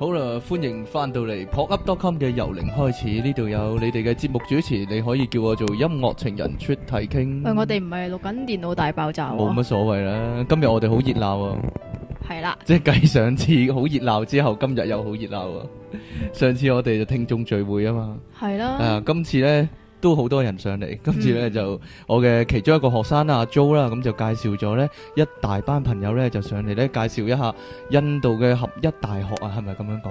好啦，歡迎翻到嚟 PopUp Dot Com 嘅由零開始，呢度有你哋嘅節目主持，你可以叫我做音樂情人出題傾。喂，我哋唔係錄緊電腦大爆炸啊。冇乜所謂啦，今日我哋好熱鬧啊！係 啦，即係計上次好熱鬧之後，今日又好熱鬧啊！ 上次我哋就聽眾聚會啊嘛，係啦，啊，今次咧。都好多人上嚟，跟住呢就我嘅其中一個學生啊，阿 Jo 啦，咁就介紹咗呢一大班朋友呢就上嚟呢介紹一下印度嘅合一大學啊，係咪咁樣講？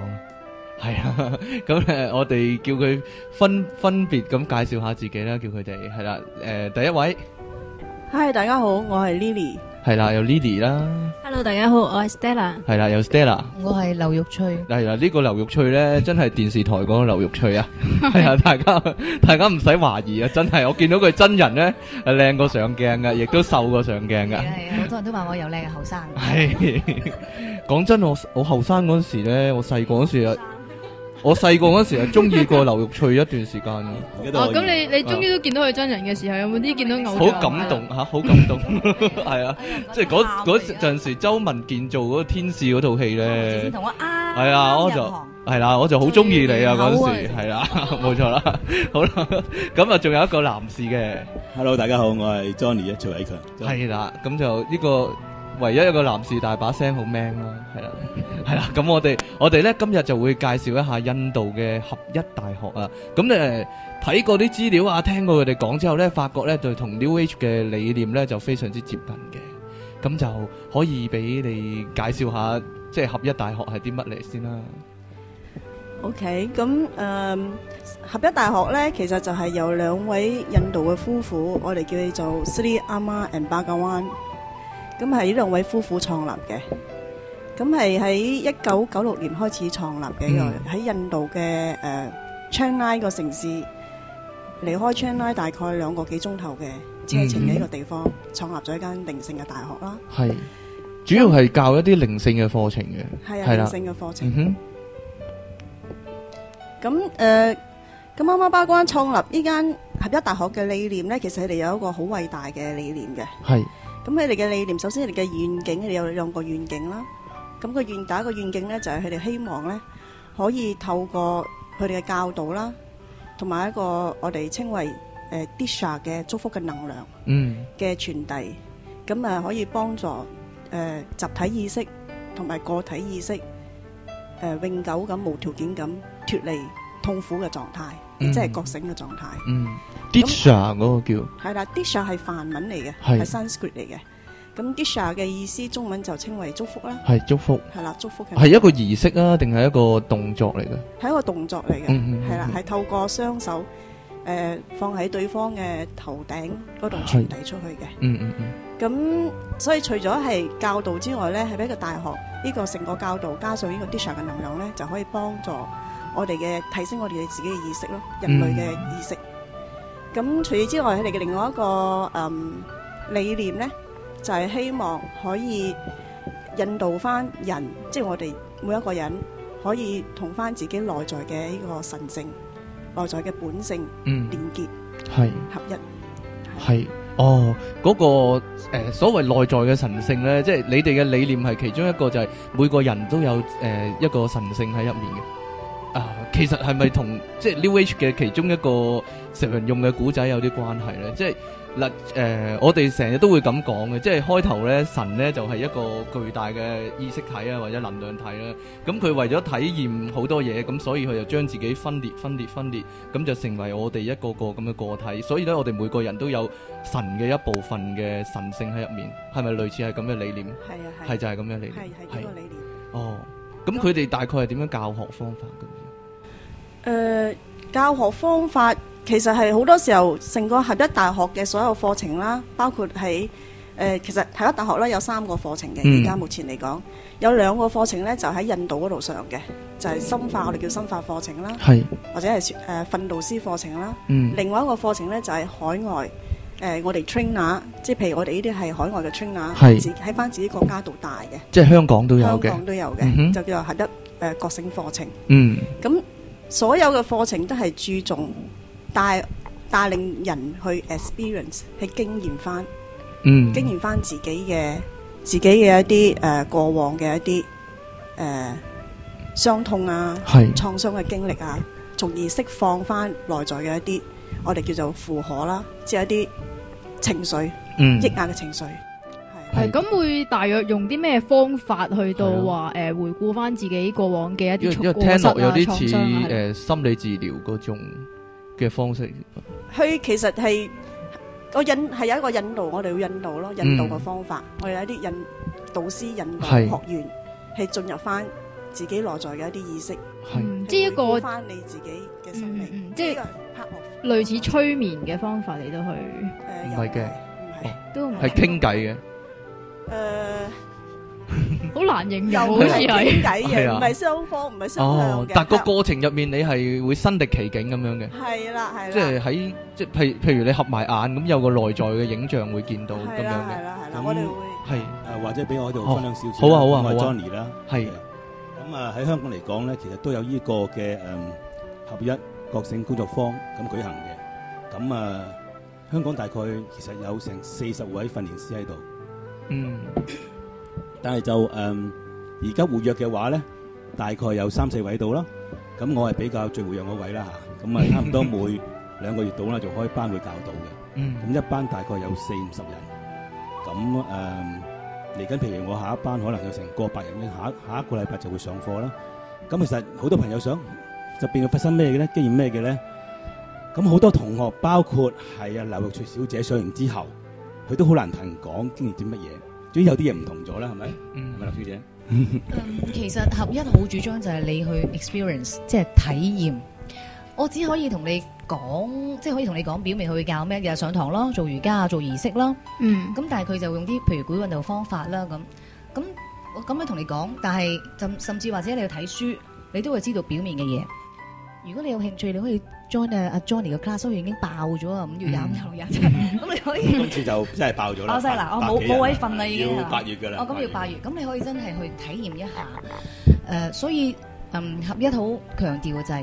係啊，咁誒我哋叫佢分分別咁介紹下自己啦，叫佢哋係啦，誒第一位，Hi，大家好，我係 Lily。係啦，有 Lily 啦。Hello，大家好，我係 Stella。係啦，有 Stella。我係劉玉翠。係啦，呢、這個劉玉翠咧，真係電視台嗰個劉玉翠啊！係啊， 大家大家唔使懷疑啊，真係我見到佢真人咧，係靚過上鏡噶，亦都瘦過上鏡噶。係，好多人都話我有靚後生。係，講 真，我我後生嗰時咧，我細個嗰時啊。 我細個嗰時啊，中意過劉玉翠一段時間。咁、 啊、你你終於都見到佢真人嘅時候，有冇啲見到偶像？好感動吓，好感動，係 啊，感動 啊哎、即係嗰嗰陣時周文健做嗰個天使嗰套戲咧。同、啊、我，我啊，係啊，啊，我就係啦，我就好中意你啊，嗰時係啦，冇錯、啊、啦，好啦，咁啊，仲有一個男士嘅。Hello，大家好，我係 Johnny 一徐偉強。係啦、啊，咁就呢、這個。唯一一個男士大把聲好 man 啦，係啦，係啦，咁我哋我哋咧今日就會介紹一下印度嘅合一大學啊。咁誒睇過啲資料啊，聽過佢哋講之後咧，發覺咧就同 New Age 嘅理念咧就非常之接近嘅。咁就可以俾你介紹下，即係合一大學係啲乜嚟先啦。OK，咁誒合一大學咧其實就係有兩位印度嘅夫婦，我哋叫佢做 Sri Amma and Bhagawan。咁係呢兩位夫婦創立嘅，咁係喺一九九六年開始創立嘅一個喺印度嘅誒，Chennai 個城市，離開 Chennai 大概兩個幾鐘頭嘅車程嘅一個地方，創立咗一間靈性嘅大學啦。係，主要係教一啲靈性嘅課程嘅，係啊，靈性嘅課程。嗯哼。咁誒，咁啱啱巴關創立呢間合一大學嘅理念咧，其實佢哋有一個好偉大嘅理念嘅。係。咁佢哋嘅理念，首先佢哋嘅願景，佢哋有兩個願景啦。咁個願，第一個願景咧就係佢哋希望咧可以透過佢哋嘅教導啦，同埋一個我哋稱為誒 Deeksha 嘅祝福嘅能量嗯嘅傳遞，咁啊可以幫助誒集體意識同埋個體意識誒永久咁無條件咁脱離痛苦嘅狀態。即係覺醒嘅狀態。嗯，Disha 嗰個叫係啦，Disha 係梵文嚟嘅，係 Sanskrit 嚟嘅。咁 Disha 嘅意思，中文就稱為祝福啦。係祝福。係啦，祝福嘅。係一個儀式啊，定係一個動作嚟嘅？係一個動作嚟嘅。嗯嗯。係啦，係透過雙手誒放喺對方嘅頭頂嗰度傳遞出去嘅。嗯嗯嗯。咁所以除咗係教導之外咧，係一個大學呢個成個教導加上呢個 Disha 嘅能量咧，就可以幫助。我哋嘅提升我哋嘅自己嘅意識咯，人類嘅意識。咁、嗯、除此之外，佢哋嘅另外一個嗯理念咧，就係、是、希望可以引導翻人，即、就、係、是、我哋每一個人可以同翻自己內在嘅呢個神聖、內在嘅本性連結，係、嗯、合一。係哦，嗰個誒、呃、所謂內在嘅神聖咧，即係你哋嘅理念係其中一個就係、是、每個人都有誒、呃、一個神聖喺入面嘅。啊，其實係咪同即係 New Age 嘅其中一個成人用嘅古仔有啲關係呢？即係嗱，誒、呃，我哋成日都會咁講嘅，即係開頭呢，神呢就係一個巨大嘅意識體啊，或者能量體啦。咁佢為咗體驗好多嘢，咁所以佢就將自己分裂、分裂、分裂，咁就成為我哋一個個咁嘅個體。所以呢，我哋每個人都有神嘅一部分嘅神性喺入面，係咪類似係咁嘅理念？係啊，係，係就係咁嘅理念，係呢個理念。哦，咁佢哋大概係點樣教學方法嘅？誒、呃、教學方法其實係好多時候，成個合一大學嘅所有課程啦，包括喺誒、呃、其實合一大學咧有三個課程嘅。而、嗯、家目前嚟講，有兩個課程咧就喺、是、印度嗰度上嘅，就係、是、深化我哋叫深化課程啦，是或者係誒、呃、訓導師課程啦。嗯、另外一個課程咧就係、是、海外誒、呃，我哋 trainer，即係譬如我哋呢啲係海外嘅 trainer，喺翻自己的國家度大嘅。即係香港都有嘅，香港都有嘅、嗯，就叫做合一誒覺醒課程。嗯，咁。所有嘅課程都係注重帶帶領人去 experience 去經驗翻，嗯，經驗翻自己嘅自己嘅一啲誒、呃、過往嘅一啲誒、呃、傷痛啊，係創傷嘅經歷啊，從而釋放翻內在嘅一啲我哋叫做負荷啦，即係一啲情緒，抑、嗯、壓嘅情緒。係咁會大約用啲咩方法去到話，誒回顧翻自己過往嘅一啲創傷？啊、聽落有啲似誒心理治療嗰種嘅方式。佢其實係個引係有一個引導，我哋要引導咯，引導嘅方法，嗯、我哋有一啲引導師引導學員係進入翻自己內在嘅一啲意識，係即係一個翻你自己嘅生命，即係類似催眠嘅方法嚟？啊哦、到去。誒唔係嘅，唔係都係傾偈嘅。誒，好難形容，好似點解嘅，唔係雙方，唔係雙方嘅。哦，但個過程入面，你係會身歷其境咁樣嘅。係啦，係啦。即係喺即係，譬譬如你合埋眼，咁有個內在嘅影像會見到咁樣嘅。係啦，係啦，我哋會係，或者俾我喺度分享少少啦。好啊，好啊，我係 Johnny 啦，係。咁啊，喺香港嚟講咧，其實都有呢個嘅誒合一覺醒工作坊咁舉行嘅。咁啊，香港大概其實有成四十位訓練師喺度。嗯，但係就誒，而、嗯、家活躍嘅話咧，大概有三四位到啦。咁我係比較最活躍嗰位啦吓，咁啊差唔多每兩個月到啦，就開班會教到嘅。咁一班大概有四五十人。咁誒、嚟、嗯、緊譬如我下一班可能有成個百人嘅，下下一個禮拜就會上課啦。咁其實好多朋友想，就變會發生咩嘅咧？經驗咩嘅咧？咁好多同學包括係啊劉玉翠小姐上完之後。佢都好難同人講經歷啲乜嘢，總之有啲嘢唔同咗啦，係咪？嗯，係咪林小姐？嗯，其實合一好主張就係你去 experience，即係體驗。我只可以同你講，即係可以同你講表面去教咩，日日上堂咯，做瑜伽、做儀式咯。嗯。咁但係佢就會用啲譬如古印度方法啦，咁咁我咁樣同你講，但係甚甚至或者你去睇書，你都會知道表面嘅嘢。如果你有興趣，你可以。John 啊，阿 Johnny 嘅 class 都已經爆咗啦！五月廿五、廿六日，咁你可以，今次就真係爆咗啦！爆曬啦，我冇冇位瞓啦，已經係啦，要八月㗎啦，哦，咁要八月，咁你可以真係去體驗一下。誒，所以嗯，合一好強調嘅就係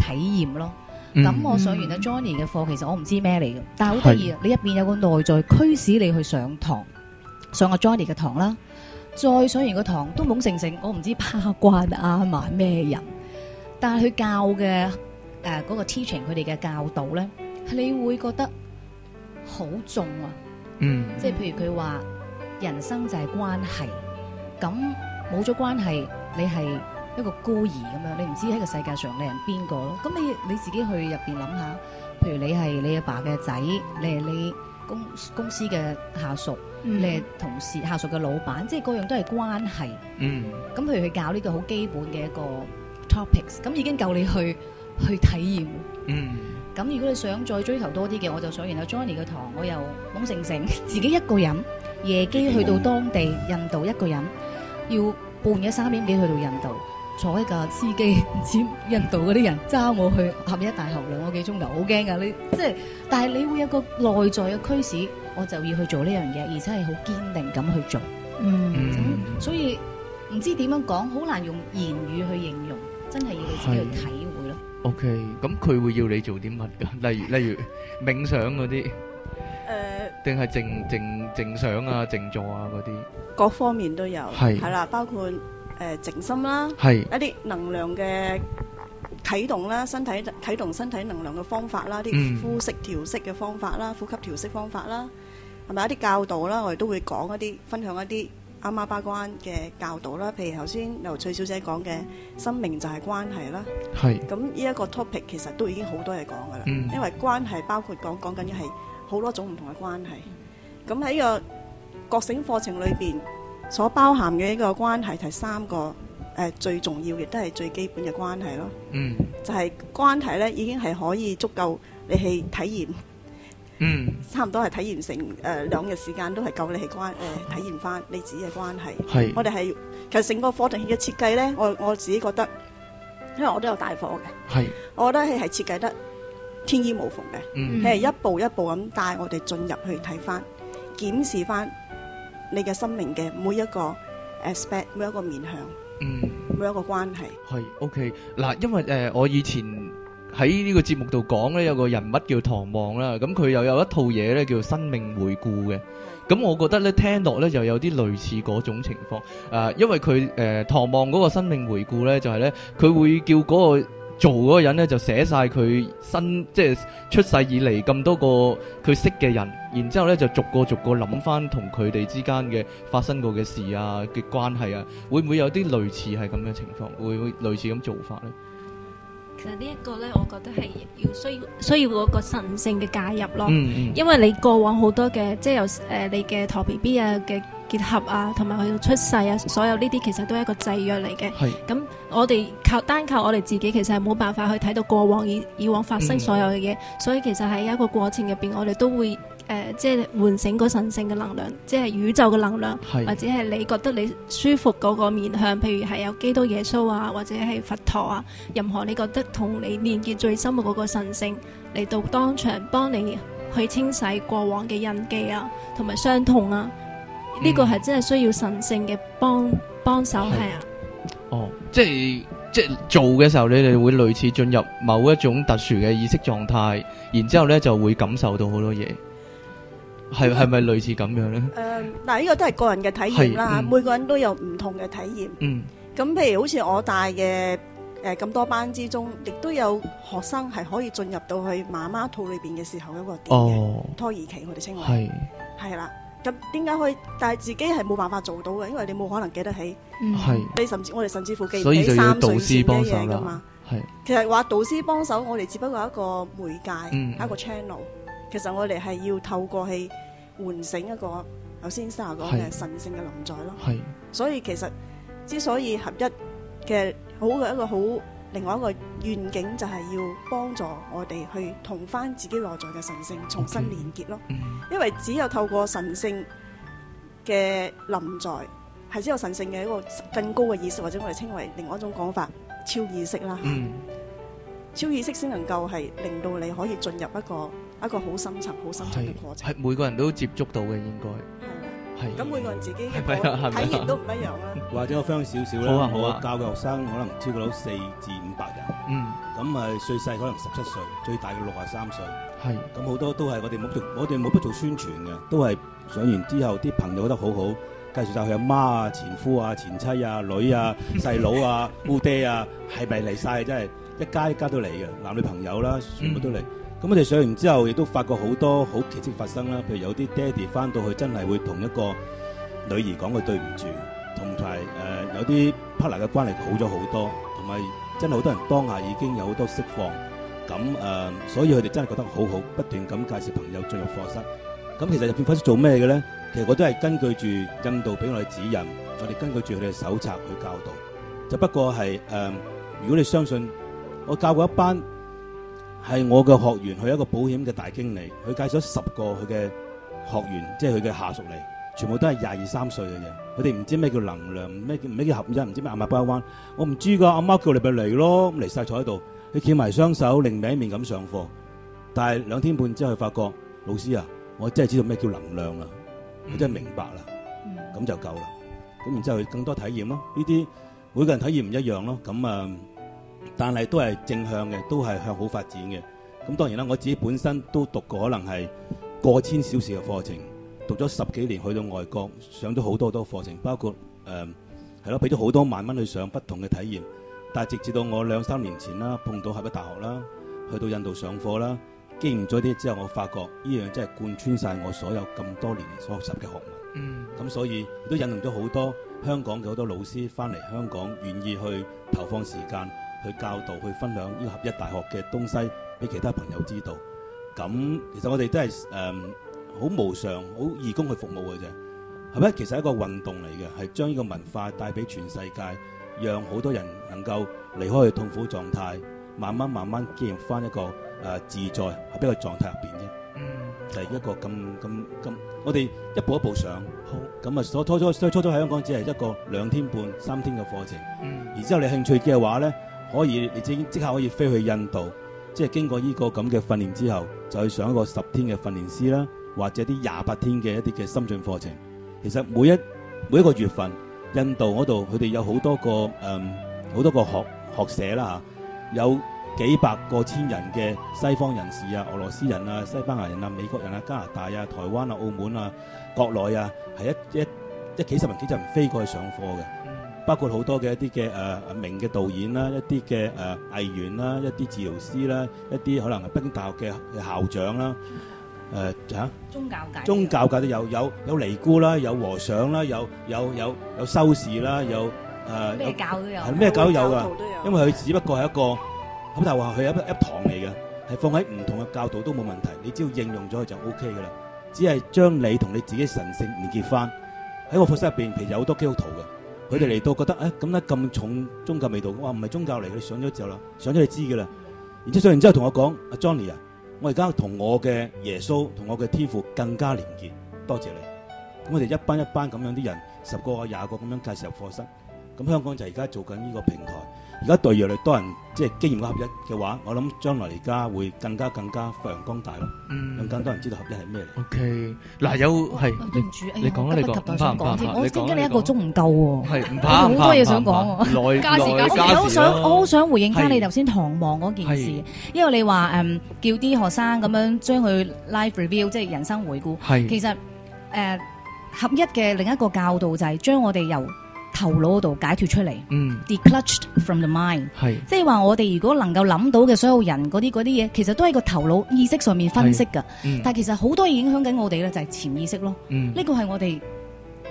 體驗咯。咁我上完阿 Johnny 嘅課，其實我唔知咩嚟嘅，但係好得意啊！你入邊有個內在驅使你去上堂，上個 Johnny 嘅堂啦，再上完個堂都懵盛盛，我唔知怕慣啊埋咩人，但係佢教嘅。誒，嗰個 teaching 佢哋嘅教導咧，你會覺得好重啊！嗯，即係譬如佢話人生就係關係，咁冇咗關係，你係一個孤兒咁樣，你唔知喺個世界上你係邊個咯？咁你你自己去入邊諗下，譬如你係你阿爸嘅仔，你係你公公司嘅下屬，你係同事下屬嘅老闆，即係各樣都係關係。嗯，咁譬如去教呢個好基本嘅一個 topics，咁已經夠你去。去體驗。嗯。咁如果你想再追求多啲嘅，我就想然後 Johnny 嘅堂我又懵成成，自己一個人夜機去到當地印度，一個人要半夜三點幾去到印度，坐一架司機，唔知印度嗰啲人揸我去合一大學兩個幾鐘頭，好驚噶你。即係，但係你會有個內在嘅驅使，我就要去做呢樣嘢，而且係好堅定咁去做。嗯。嗯，所以唔知點樣講，好難用言語去形容，真係要你自己去體。OK，咁佢會要你做啲乜㗎？例如例如冥想嗰啲，誒定係靜靜靜想啊、靜坐啊嗰啲，各方面都有，係係啦，包括誒靜心啦，係一啲能量嘅啟動啦，身體啟動身體能量嘅方法啦，啲呼吸調息嘅方法啦，呼吸調息方法啦，係咪一啲教導啦？我哋都會講一啲，分享一啲。阿媽巴關嘅教導啦，譬如頭先劉翠小姐講嘅生命就係關係啦，咁呢一個 topic 其實都已經好多嘢講噶啦，因為關係包括講講緊嘅係好多種唔同嘅關係，咁喺個覺醒課程裏邊所包含嘅一個關係係三個誒最重要嘅都係最基本嘅關係咯，就係關係咧，已經係可以足夠你去體驗。嗯，差唔多係體驗成誒兩、呃、日時間都係夠你係關誒、呃、體驗翻你自己嘅關係。係，我哋係其實成個課程嘅設計咧，我我自己覺得，因為我都有大課嘅。係，我覺得佢係設計得天衣無縫嘅，係、嗯、一步一步咁帶我哋進入去睇翻，檢視翻你嘅生命嘅每一個 aspect，每一個面向，嗯，每一個關係。係，OK，嗱，因為誒、呃、我以前。喺呢個節目度講呢，有個人物叫唐望啦，咁、嗯、佢又有一套嘢呢叫生命回顧嘅，咁、嗯、我覺得呢，聽落呢就有啲類似嗰種情況，誒、呃，因為佢誒、呃、唐望嗰個生命回顧呢，就係、是、呢，佢會叫嗰個做嗰個人呢，就寫晒佢新，即、就、係、是、出世以嚟咁多個佢識嘅人，然之後呢就逐個逐個諗翻同佢哋之間嘅發生過嘅事啊嘅關係啊，會唔會有啲類似係咁嘅情況？會唔會類似咁做法呢？其實這呢一個咧，我覺得係要需要需要嗰個神性嘅介入咯、嗯嗯，因為你過往好多嘅，即係由誒、呃、你嘅陀 B B 啊嘅結合啊，同埋佢出世啊，所有呢啲其實都係一個制約嚟嘅。係咁，我哋靠單靠我哋自己，其實係冇辦法去睇到過往以以往發生所有嘅嘢，嗯，所以其實喺一個過程入邊，我哋都會。誒、呃，即係喚醒個神聖嘅能量，即係宇宙嘅能量，是或者係你覺得你舒服嗰個面向，譬如係有基督耶穌啊，或者係佛陀啊，任何你覺得同你連結最深嘅嗰個神聖嚟到當場幫你去清洗過往嘅印記啊，同埋傷痛啊，呢、這個係真係需要神聖嘅幫、嗯、幫手係啊。哦，即係即係做嘅時候，你哋會類似進入某一種特殊嘅意識狀態，然之後呢就會感受到好多嘢。係係咪類似咁樣咧？誒，嗱，呢個都係個人嘅體驗啦，每個人都有唔同嘅體驗。嗯。咁譬如好似我帶嘅誒咁多班之中，亦都有學生係可以進入到去媽媽肚裏邊嘅時候嗰個點嘅。哦。胎兒期我哋稱為。係。係啦。咁點解可以？但係自己係冇辦法做到嘅，因為你冇可能記得起。嗯。係。你甚至我哋甚至乎記唔起三歲時啲嘢㗎嘛？係。其實話導師幫手，我哋只不過係一個媒介，係一個 channel。其實我哋係要透過去喚醒一個，頭先所講嘅神聖嘅臨在咯。係，所以其實之所以合一嘅好嘅一個好，另外一個願景就係要幫助我哋去同翻自己內在嘅神聖重新連結咯。因為只有透過神聖嘅臨在，係只有神聖嘅一個更高嘅意識，或者我哋稱為另外一種講法，超意識啦。嗯。超意識先能夠係令到你可以進入一個一個好深層、好深層嘅過程，係每個人都接觸到嘅，應該係。咁每個人自己嘅體驗都唔一樣啦。或者我分享少少啦，我教嘅學生可能超過到四至五百人。嗯。咁啊，最細可能十七歲，最大嘅六十三歲。係。咁好多都係我哋冇做，我哋冇乜做宣傳嘅，都係上完之後，啲朋友覺得好好，介紹曬佢阿媽啊、前夫啊、前妻啊、女啊、細佬啊、姑爹啊，係咪嚟曬？真係一家一家都嚟嘅，男女朋友啦，全部都嚟。咁我哋上完之後，亦都發覺好多好奇跡發生啦。譬如有啲爹哋翻到去，真係會同一個女兒講句對唔住，同埋、呃、有啲 partner 嘅關係好咗好多，同埋真係好多人當下已經有好多釋放。咁、呃、所以佢哋真係覺得好好，不斷咁介紹朋友進入課室。咁其實入邊課室做咩嘅咧？其實我都係根據住印度俾我哋指引，我哋根據住佢哋嘅手冊去教導。就不過係、呃、如果你相信我教過一班。係我嘅學員，佢一個保險嘅大經理，佢介紹咗十個佢嘅學員，即係佢嘅下屬嚟，全部都係廿二三歲嘅啫，佢哋唔知咩叫能量，唔知咩叫合一，唔知咩阿媽包彎，我唔知噶，阿媽叫你咪嚟咯，咁嚟晒坐喺度，佢企埋雙手，另面一面咁上課，但係兩天半之後佢發覺，老師啊，我真係知道咩叫能量啊，我真係明白啦，咁就夠啦，咁然之後佢更多體驗咯，呢啲每個人體驗唔一樣咯，咁啊。但係都係正向嘅，都係向好發展嘅。咁當然啦，我自己本身都讀過可能係過千小時嘅課程，讀咗十幾年，去到外國上咗好多好多課程，包括誒係咯，俾咗好多萬蚊去上不同嘅體驗。但係直至到我兩三年前啦，碰到合一大學啦，去到印度上課啦，經驗咗啲之後，我發覺依樣真係貫穿晒我所有咁多年所學習嘅學問。嗯。咁所以也都引動咗好多香港嘅好多老師翻嚟香港，願意去投放時間。去教導、去分享呢個合一大學嘅東西俾其他朋友知道。咁其實我哋都係誒好無償、好義工去服務嘅啫，係咪？其實係一個運動嚟嘅，係將呢個文化帶俾全世界，讓好多人能夠離開痛苦狀態，慢慢慢慢進入翻一個誒、呃、自在係邊個狀態入面啫。嗯，係一個咁咁咁，我哋一步一步上，好咁啊！初初初初喺香港只係一個兩天半、三天嘅課程，嗯，而之後你興趣嘅話咧。可以，你即即刻可以飛去印度，即係經過呢個咁嘅訓練之後，就去上一個十天嘅訓練師啦，或者啲廿八天嘅一啲嘅深進課程。其實每一每一個月份，印度嗰度佢哋有好多個誒，好、嗯、多個學學社啦、嚇、有幾百個千人嘅西方人士啊、俄羅斯人啊、西班牙人啊、美國人啊、加拿大啊、台灣啊、澳門啊、國內啊，係一一一幾十萬幾十人飛過去上課嘅。包括好多嘅一啲嘅誒名嘅導演啦，一啲嘅誒藝員啦，一啲治療師啦，一啲可能係北京大學嘅校長啦。誒嚇宗教界宗教界都有有有尼姑啦，有和尚啦，有有有有修士啦，有誒咩教都有咩教都有噶，因為佢只不過係一個咁但係話佢一一堂嚟嘅，係放喺唔同嘅教導都冇問題。你只要應用咗佢就 O K 噶啦，只係將你同你自己神聖連結翻喺個課室入邊。其實有好多基督徒嘅。佢哋嚟到覺得，咁、哎、咁重宗教味道，我話唔係宗教嚟。佢上咗之後啦，上咗你知嘅啦。然之後上完之後同我講，阿 Johnny 啊，我而家同我嘅耶穌同我嘅天父更加連結，多謝你。咁我哋一班一班咁樣啲人，十個啊廿個咁樣介紹入課室，咁香港就而家做緊呢個平台。而家對於好多人，即係經驗嘅合一嘅話，我諗將來而家會更加更加發揚光大咯。嗯，有更多人知道合一係咩嚟。OK，嗱有係，你講你講，唔怕唔怕，我驚緊你一個鐘唔夠喎。係唔怕唔怕，好多嘢想講。我我好想我好想回應返你頭先唐望嗰件事，因為你話誒叫啲學生咁樣將佢 life review，即係人生回顧。係其實誒合一嘅另一個教導就係將我哋由。頭腦嗰度解脱出嚟、嗯、，declutched from the mind，即係話我哋如果能夠諗到嘅所有人嗰啲啲嘢，其實都係個頭腦意識上面分析噶、嗯。但係其實好多嘢影響緊我哋咧，就係、是、潛意識咯。呢個係我哋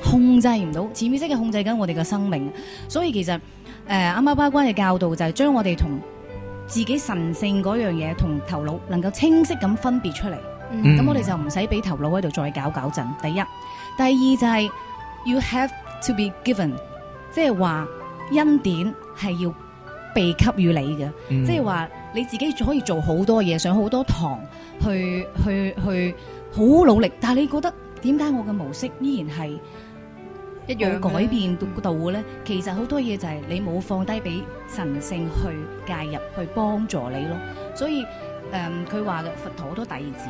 控制唔到，潛意識嘅，控制緊我哋嘅生命。所以其實誒阿媽巴關嘅教導就係將我哋同自己神聖嗰樣嘢同頭腦能夠清晰咁分別出嚟。咁、嗯、我哋就唔使俾頭腦喺度再搞搞震。第一，第二就係、是、you have to be given。即係話恩典係要被給予你嘅，即係話你自己可以做好多嘢，上好多堂，去去去好努力。但係你覺得點解我嘅模式依然係一樣改變到嘅咧？其實好多嘢就係你冇放低俾神聖去介入去幫助你咯。所以誒，佢話嘅佛陀好多弟子，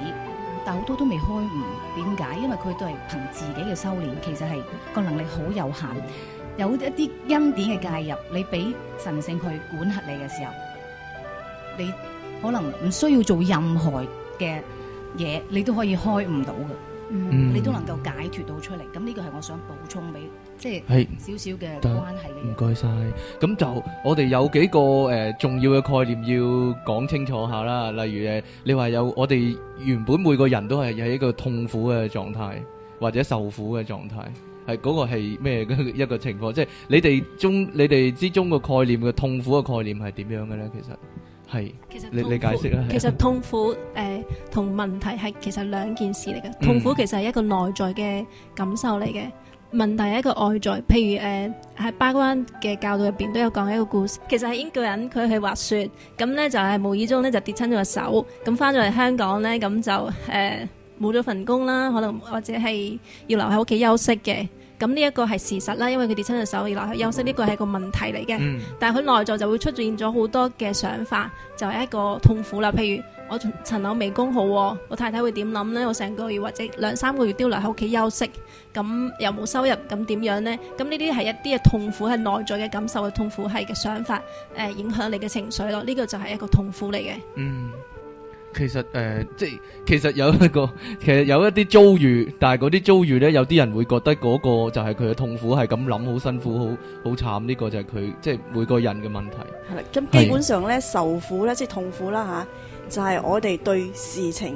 但好多都未開悟，點解？因為佢都係憑自己嘅修煉，其實係個能力好有限。有一啲恩典嘅介入，你俾神聖去管轄你嘅時候，你可能唔需要做任何嘅嘢，你都可以開悟到嘅，你都能夠解脫到出嚟。咁呢個係我想補充俾即係少少嘅關係嘅嘢。唔該晒。咁就我哋有幾個誒重要嘅概念要講清楚下啦。例如誒，你話有我哋原本每個人都係喺一個痛苦嘅狀態，或者受苦嘅狀態。係嗰、那個係咩一個情況？即係你哋中你哋之中個概念，嘅痛苦嘅概念係點樣嘅咧？其實係，其實你你解釋啦。其實痛苦誒同、 呃、問題係其實兩件事嚟嘅。痛苦其實係一個內在嘅感受嚟嘅、嗯，問題係一個外在。譬如誒喺、呃、巴關嘅教導入邊都有講一個故事。其實係英國人佢去滑雪，咁咧就係、是、無意中咧就跌親咗個手，咁翻咗嚟香港咧，咁就誒。呃冇咗份工啦，可能或者係要留喺屋企休息嘅。咁呢一個係事實啦，因為佢跌親隻手要留喺休息，呢個係個問題嚟嘅。但係佢內在就會出現咗好多嘅想法，就係一個痛苦啦。譬如我層樓未供好，我太太會點諗呢？我成個月或者兩三個月都要留喺屋企休息，咁又冇收入，咁點樣呢？咁呢啲係一啲嘅痛苦，係內在嘅感受嘅痛苦，係嘅想法，誒、呃、影響你嘅情緒咯。呢個就係一個痛苦嚟嘅。嗯。其實誒、呃，即係其實有一個，其實有一啲遭遇，但係嗰啲遭遇咧，有啲人會覺得嗰個就係佢嘅痛苦，係咁諗，好辛苦，好好慘。呢、這個就係佢即係每個人嘅問題。係啦，咁基本上咧，受苦咧，即係痛苦啦吓、啊，就係、是、我哋對事情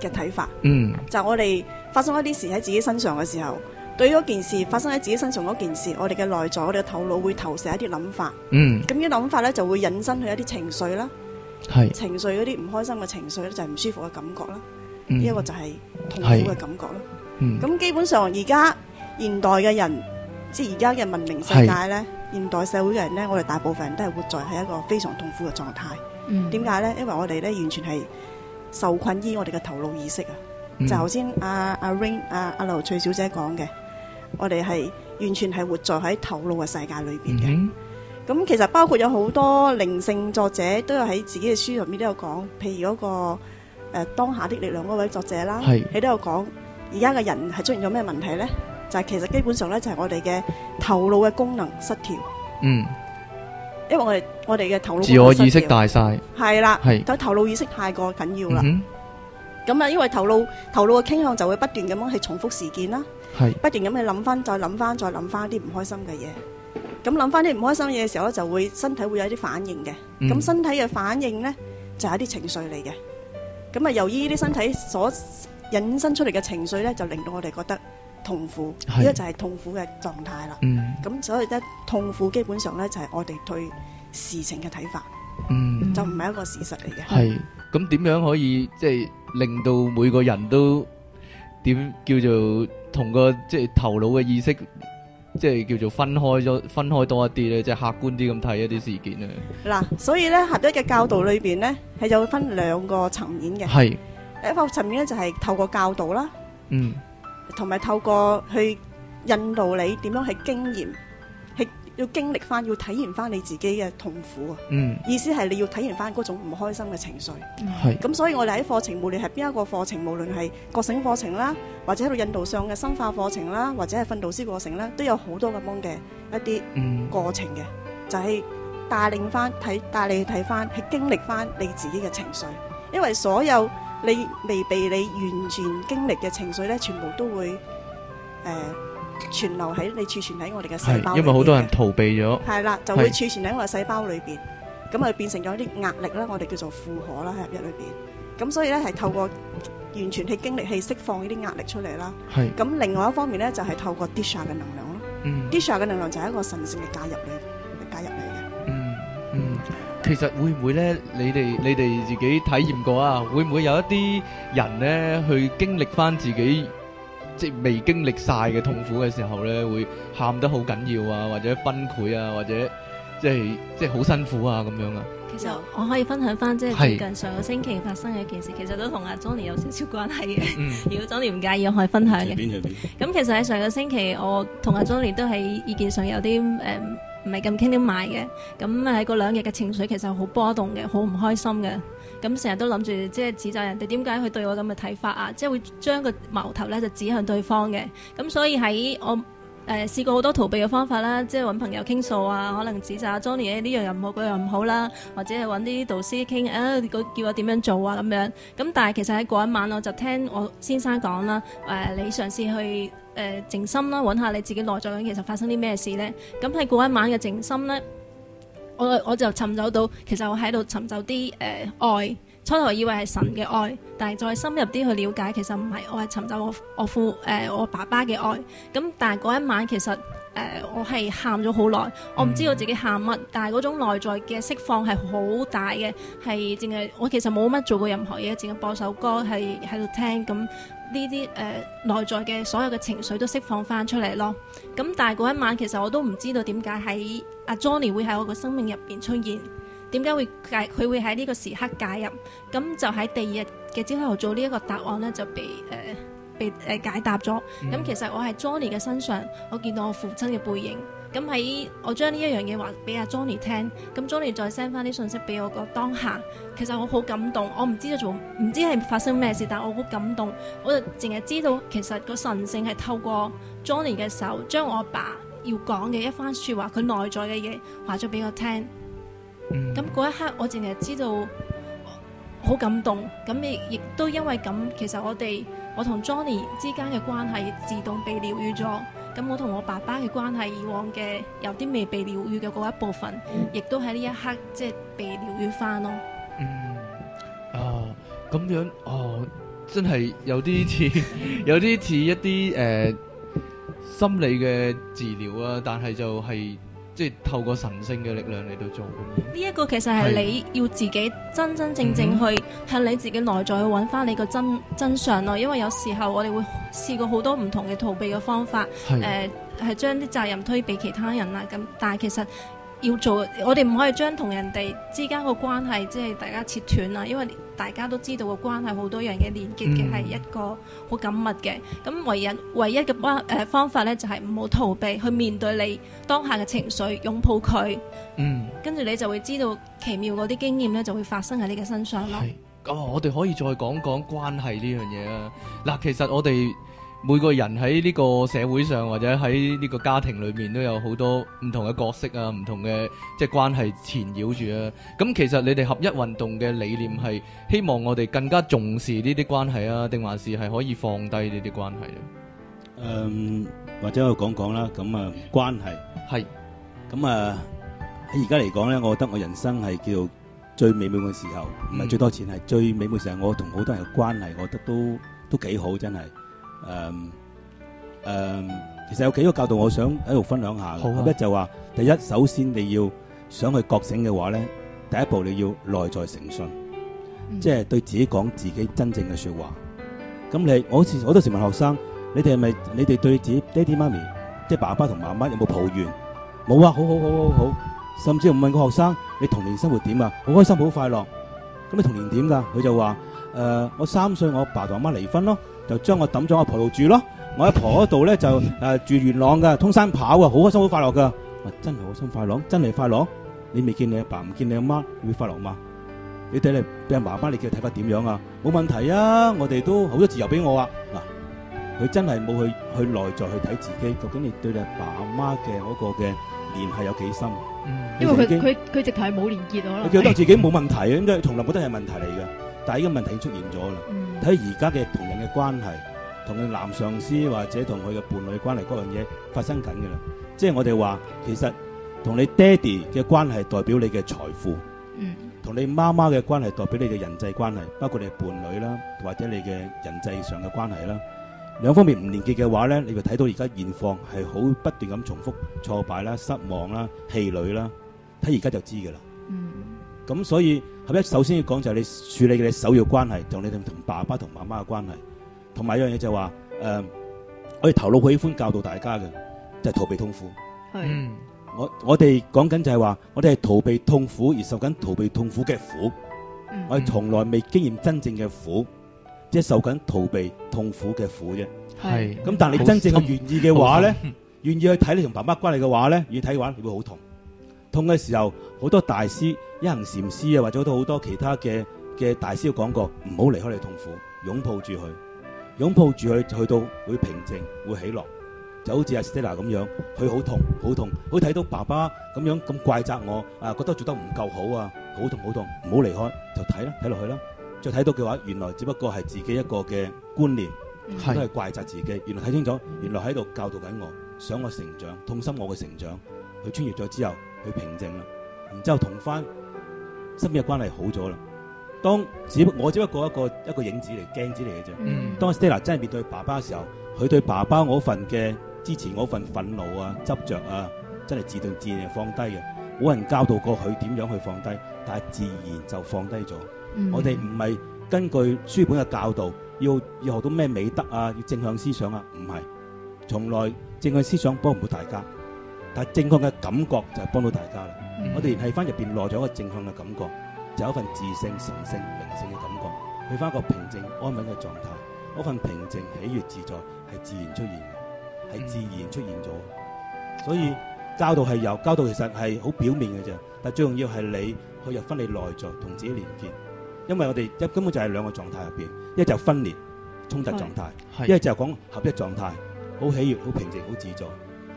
嘅睇法。嗯，就係我哋發生一啲事喺自己身上嘅時候，對嗰件事發生喺自己身上嗰件事，我哋嘅內在，我哋嘅頭腦會投射一啲諗法。嗯，咁啲諗法咧就會引申去一啲情緒啦。情緒嗰啲唔開心嘅情緒咧，就係唔舒服嘅感覺啦，一、嗯一個就係痛苦嘅感覺啦。咁基本上而家現，現代嘅人，即係而家嘅文明世界咧，現代社會嘅人咧，我哋大部分人都係活在係一個非常痛苦嘅狀態。點、嗯、解呢？因為我哋咧完全係受困於我哋嘅頭腦意識、嗯、剛才啊。就頭先阿阿 Ring 阿阿劉翠小姐講嘅，我哋係完全係活在喺頭腦嘅世界裏邊嘅。嗯咁其實包括有好多靈性作者都有喺自己嘅書入面都有講，譬如嗰個誒當下的力量嗰位作者啦，係，都有講而家嘅人係出現咗咩問題咧？就係其實基本上咧就係我哋嘅頭腦嘅功能失調。嗯，因為我哋我哋嘅頭腦自我意識大晒，係啦，係個頭腦意識太過緊要啦。咁啊，因為頭腦頭腦嘅傾向就會不斷咁樣去重複事件啦，係不斷咁去諗翻，再諗翻，再諗翻一啲唔開心嘅嘢。咁諗翻啲唔開心嘢嘅時候咧，就會身體會有一啲反應嘅。咁身體嘅反應咧，就係一啲情緒嚟嘅。咁啊，由於呢啲身體所引申出嚟嘅情緒咧，就令到我哋覺得痛苦，呢個就係痛苦嘅狀態啦。咁所以咧，痛苦基本上咧就係我哋對事情嘅睇法，就唔係一個事實嚟嘅。係咁，點樣可以即係令到每個人都點叫做同個即係頭腦嘅意識？即係叫做分開咗，分開多一啲咧，即係客觀啲咁睇一啲事件咧。嗱，所以咧合一嘅教導裏邊咧係有分兩個層面嘅。係一個層面咧就係透過教導啦，嗯，同埋透過去引導你點樣去經驗。要經歷翻，要體驗翻你自己嘅痛苦啊！意思係你要體驗翻嗰種唔開心嘅情緒。係咁，所以我哋喺課程，無論係邊一個課程，無論係覺醒課程啦，或者喺度印度上嘅深化課程啦，或者係訓導師課程啦，都有好多咁樣嘅一啲過程嘅，就係帶領翻睇，帶你去睇翻，去經歷翻你自己嘅情緒。因為所有你未被你完全經歷嘅情緒咧，全部都會誒。存留喺你儲存喺我哋嘅細胞裏邊，係因為好多人逃避咗，係啦就會儲存喺我嘅細胞裏邊，咁啊變成咗啲壓力啦，我哋叫做負荷啦喺入邊，咁所以咧係透過完全去經歷去釋放呢啲壓力出嚟啦，係咁另外一方面咧就係透過 discharge 嘅能量咯，嗯，discharge 嘅能量就係一個神聖嘅介入嚟，嘅介入嚟嘅，嗯嗯，其實會唔會咧？你哋你哋自己體驗過啊？會唔會有一啲人咧去經歷返自己？即係未經歷晒嘅痛苦嘅時候咧，會喊得好緊要啊，或者崩潰啊，或者即係即係好辛苦啊咁樣啊。其實我可以分享翻，即係最近上個星期發生嘅一件事，其實都同阿 Johnny 有少少關係嘅，嗯。如果 Johnny 唔介意，我可以分享嘅。隨便，隨便。咁其實喺上個星期，我同阿 Johnny 都喺意見上有啲誒。Um, 唔係咁傾得埋嘅，咁喺嗰兩日嘅情緒其實好波動嘅，好唔開心嘅，咁成日都諗住即係指責人哋點解佢對我咁嘅睇法啊，即係會將個矛頭呢就指向對方嘅，咁所以喺我。誒、呃、試過好多逃避嘅方法啦，即係揾朋友傾訴啊，可能指責、啊、Johnny 呢、哎、樣、這個、又唔好，嗰樣又唔好啦，或者係揾啲導師傾，啊個叫我點樣做啊咁樣。咁但係其實喺嗰一晚，我就聽我先生講啦，誒、呃、你嘗試去誒靜、呃、心啦，揾下你自己內在其實發生啲咩事咧。咁喺嗰一晚嘅靜心咧，我我就尋找到，其實我喺度尋找啲誒、呃、愛。初頭以為係神嘅愛，但係再深入啲去了解，其實唔係，我係尋找我我父誒、呃、我爸爸嘅愛。咁但係嗰一晚，其實誒我係喊咗好耐，我唔知道自己喊乜，但係嗰種內在嘅釋放係好大嘅，係淨係我其實冇乜做過任何嘢，淨係播首歌係喺度聽。咁呢啲誒內在嘅所有嘅情緒都釋放翻出嚟咯。咁但係嗰一晚，其實我都唔知道點解喺阿 Johnny 會喺我嘅生命入邊出現。點解佢會解？佢會喺呢個時刻介入，咁就喺第二日嘅朝頭早呢一個答案呢，就被誒、呃、被誒解答咗。咁、嗯、其實我係 Johnny 嘅身上，我見到我父親嘅背影。咁喺我將呢一樣嘢話俾阿 Johnny 聽，咁 Johnny 再 send 翻啲信息俾我個當下。其實我好感動，我唔知道做，唔知係發生咩事，但我好感動。我就淨係知道，其實個神聖係透過 Johnny 嘅手，將我爸要講嘅一番說話，佢內在嘅嘢話咗俾我聽。咁、嗯、嗰一刻，我淨係知道好感動，咁亦、亦都因為咁，其實我哋我同 Johnny 之間嘅關係自動被療癒咗，咁我同我爸爸嘅關係以往嘅有啲未被療癒嘅嗰一部分，亦、嗯、都喺呢一刻即係、就是、被療癒翻咯。嗯，啊，咁樣哦、啊，真係有啲似， 有啲似一啲誒、呃、心理嘅治療啊，但係就係、是。即係透過神聖嘅力量嚟到做咁樣。呢一個其實係你要自己真真正正，正去向你自己內在去揾返你個真真相咯。因為有時候我哋會試過好多唔同嘅逃避嘅方法，誒係將啲責任推俾其他人啦。咁但係其實。要做，我哋唔可以將同人哋之間個關係，即係大家切斷啦。因為大家都知道個關係，好多人嘅連結嘅係一個好緊密嘅。咁、嗯、唯一唯一嘅方誒方法咧，就係唔好逃避，去面對你當下嘅情緒，擁抱佢。嗯，跟住你就會知道奇妙嗰啲經驗咧，就會發生喺你嘅身上咯。咁、哦、我哋可以再講講關係呢樣嘢啦。嗱，其實我哋。每個人喺呢個社會上，或者喺呢個家庭裏面，都有好多唔同嘅角色啊，唔同嘅即係關係纏繞住啊。咁其實你哋合一運動嘅理念係希望我哋更加重視呢啲關係啊，定還是係可以放低呢啲關係啊？誒，或者我講講啦。咁啊，關係係咁啊，喺而家嚟講咧，我覺得我人生係叫最美滿嘅時候，唔係最多錢，係最美滿嘅時候。我同好多人嘅關係，我覺得都都幾好，真係。誒誒，其實有幾個教導我想喺度分享一下嘅，啊，一就話，第一首先你要想去覺醒嘅話咧，第一步你要內在誠信，即、嗯、係、就是、對自己講自己真正嘅說話。咁你，我好似好多時問學生，你哋係咪？你哋對自己爹哋媽咪，即係爸爸同媽媽有冇抱怨？冇啊，好好好好好。 甚至我問個學生，你童年生活點啊？好開心，好快樂。咁你童年點噶？佢就話，誒、呃，我三歲，我爸同媽媽離婚咯。就將我抌咗阿婆度住咯，我阿婆嗰度咧就誒住元朗噶，通山跑啊，好開心好快樂噶。真係好開心快樂，真係快樂？你未見你阿爸唔見你阿媽會快樂嘛？你睇咧，俾阿媽媽你嘅睇法點樣啊？冇問題啊，我哋都好多自由俾我啊。嗱，佢真係冇去去內在去睇自己，究竟你對你阿爸阿媽嘅嗰個嘅連係有幾深、嗯？因為佢佢直頭係冇連結咗啦。佢覺得自己冇問題、嗯，因為從來冇覺得係問題嚟嘅，但係依個問題已經出現咗啦。睇而家嘅同關係同佢男上司或者同佢嘅伴侶關係 𠮶 樣嘢發生緊嘅啦，即係我哋話，其實同你爹哋嘅關係代表你嘅財富，嗯，同你媽媽嘅關係代表你嘅人際關係，包括你嘅伴侶啦，或者你嘅人際上嘅關係啦，兩方面唔連結嘅話咧，你就睇到而家現況係好不斷咁重複挫敗啦、失望啦、氣餒啦，睇而家就知嘅啦。嗯，咁所以，首先要講就係你處理嘅首要關係就係你同爸爸同媽媽嘅關係。同埋一樣嘢就係話、呃，我哋頭腦喜歡教導大家嘅，就係、係、逃避痛苦。我我哋講緊就係話，我哋係逃避痛苦而受緊逃避痛苦嘅苦。嗯嗯，我哋從來未經驗真正嘅苦，即係受緊逃避痛苦嘅苦啫。係。咁、嗯、但係你真正嘅願意嘅話咧，願意去睇你同爸爸關係嘅話咧，要睇嘅話，你會好痛。痛嘅時候，好多大師、一行禪師啊，或者好多好多其他嘅嘅大師都講過，唔好離開你痛苦，擁抱住佢。擁抱住佢，去到會平靜，會喜樂，就好似阿 Stella 咁樣，佢好痛，好痛，佢睇到爸爸咁樣咁怪責我，啊覺得做得唔夠好啊，好痛好痛，唔好離開，就睇啦，睇落去啦，再睇到嘅話，原來只不過係自己一個嘅觀念，是都係怪責自己。原來睇清楚，原來喺度教導緊我，想我成長，痛心我嘅成長。佢穿越咗之後，佢平靜啦，然之後同翻身邊嘅關係好咗啦。當只我只不過一個一，個一個影子嚟，鏡子嚟嘅啫。當 Stella 真係面對爸爸嘅時候，佢對爸爸嗰份嘅支持、嗰份憤怒啊、執着，啊，真係自動自然係放低嘅。冇人教導過佢點樣去放低，但係自然就放低咗，嗯。我哋唔係根據書本嘅教導，要要學到咩美德啊，要正向思想啊，唔係。從來正向思想幫唔到大家，但係正確嘅感覺就係幫到大家啦，嗯。我哋係翻入邊落咗個正向嘅感覺。就有一份自性、神性、靈性嘅感覺，去返一個平靜、安穩嘅狀態。嗰份平靜、喜悅、自在係自然出現嘅，係、嗯、自然出現咗。所以教導係由教導其實係好表面嘅啫。但最重要係你去入分離內在同自己連結，因為我哋根本就係兩個狀態入邊，一就係分裂衝突狀態，嗯、一就係講合一狀態，好喜悅、好平靜、好自在。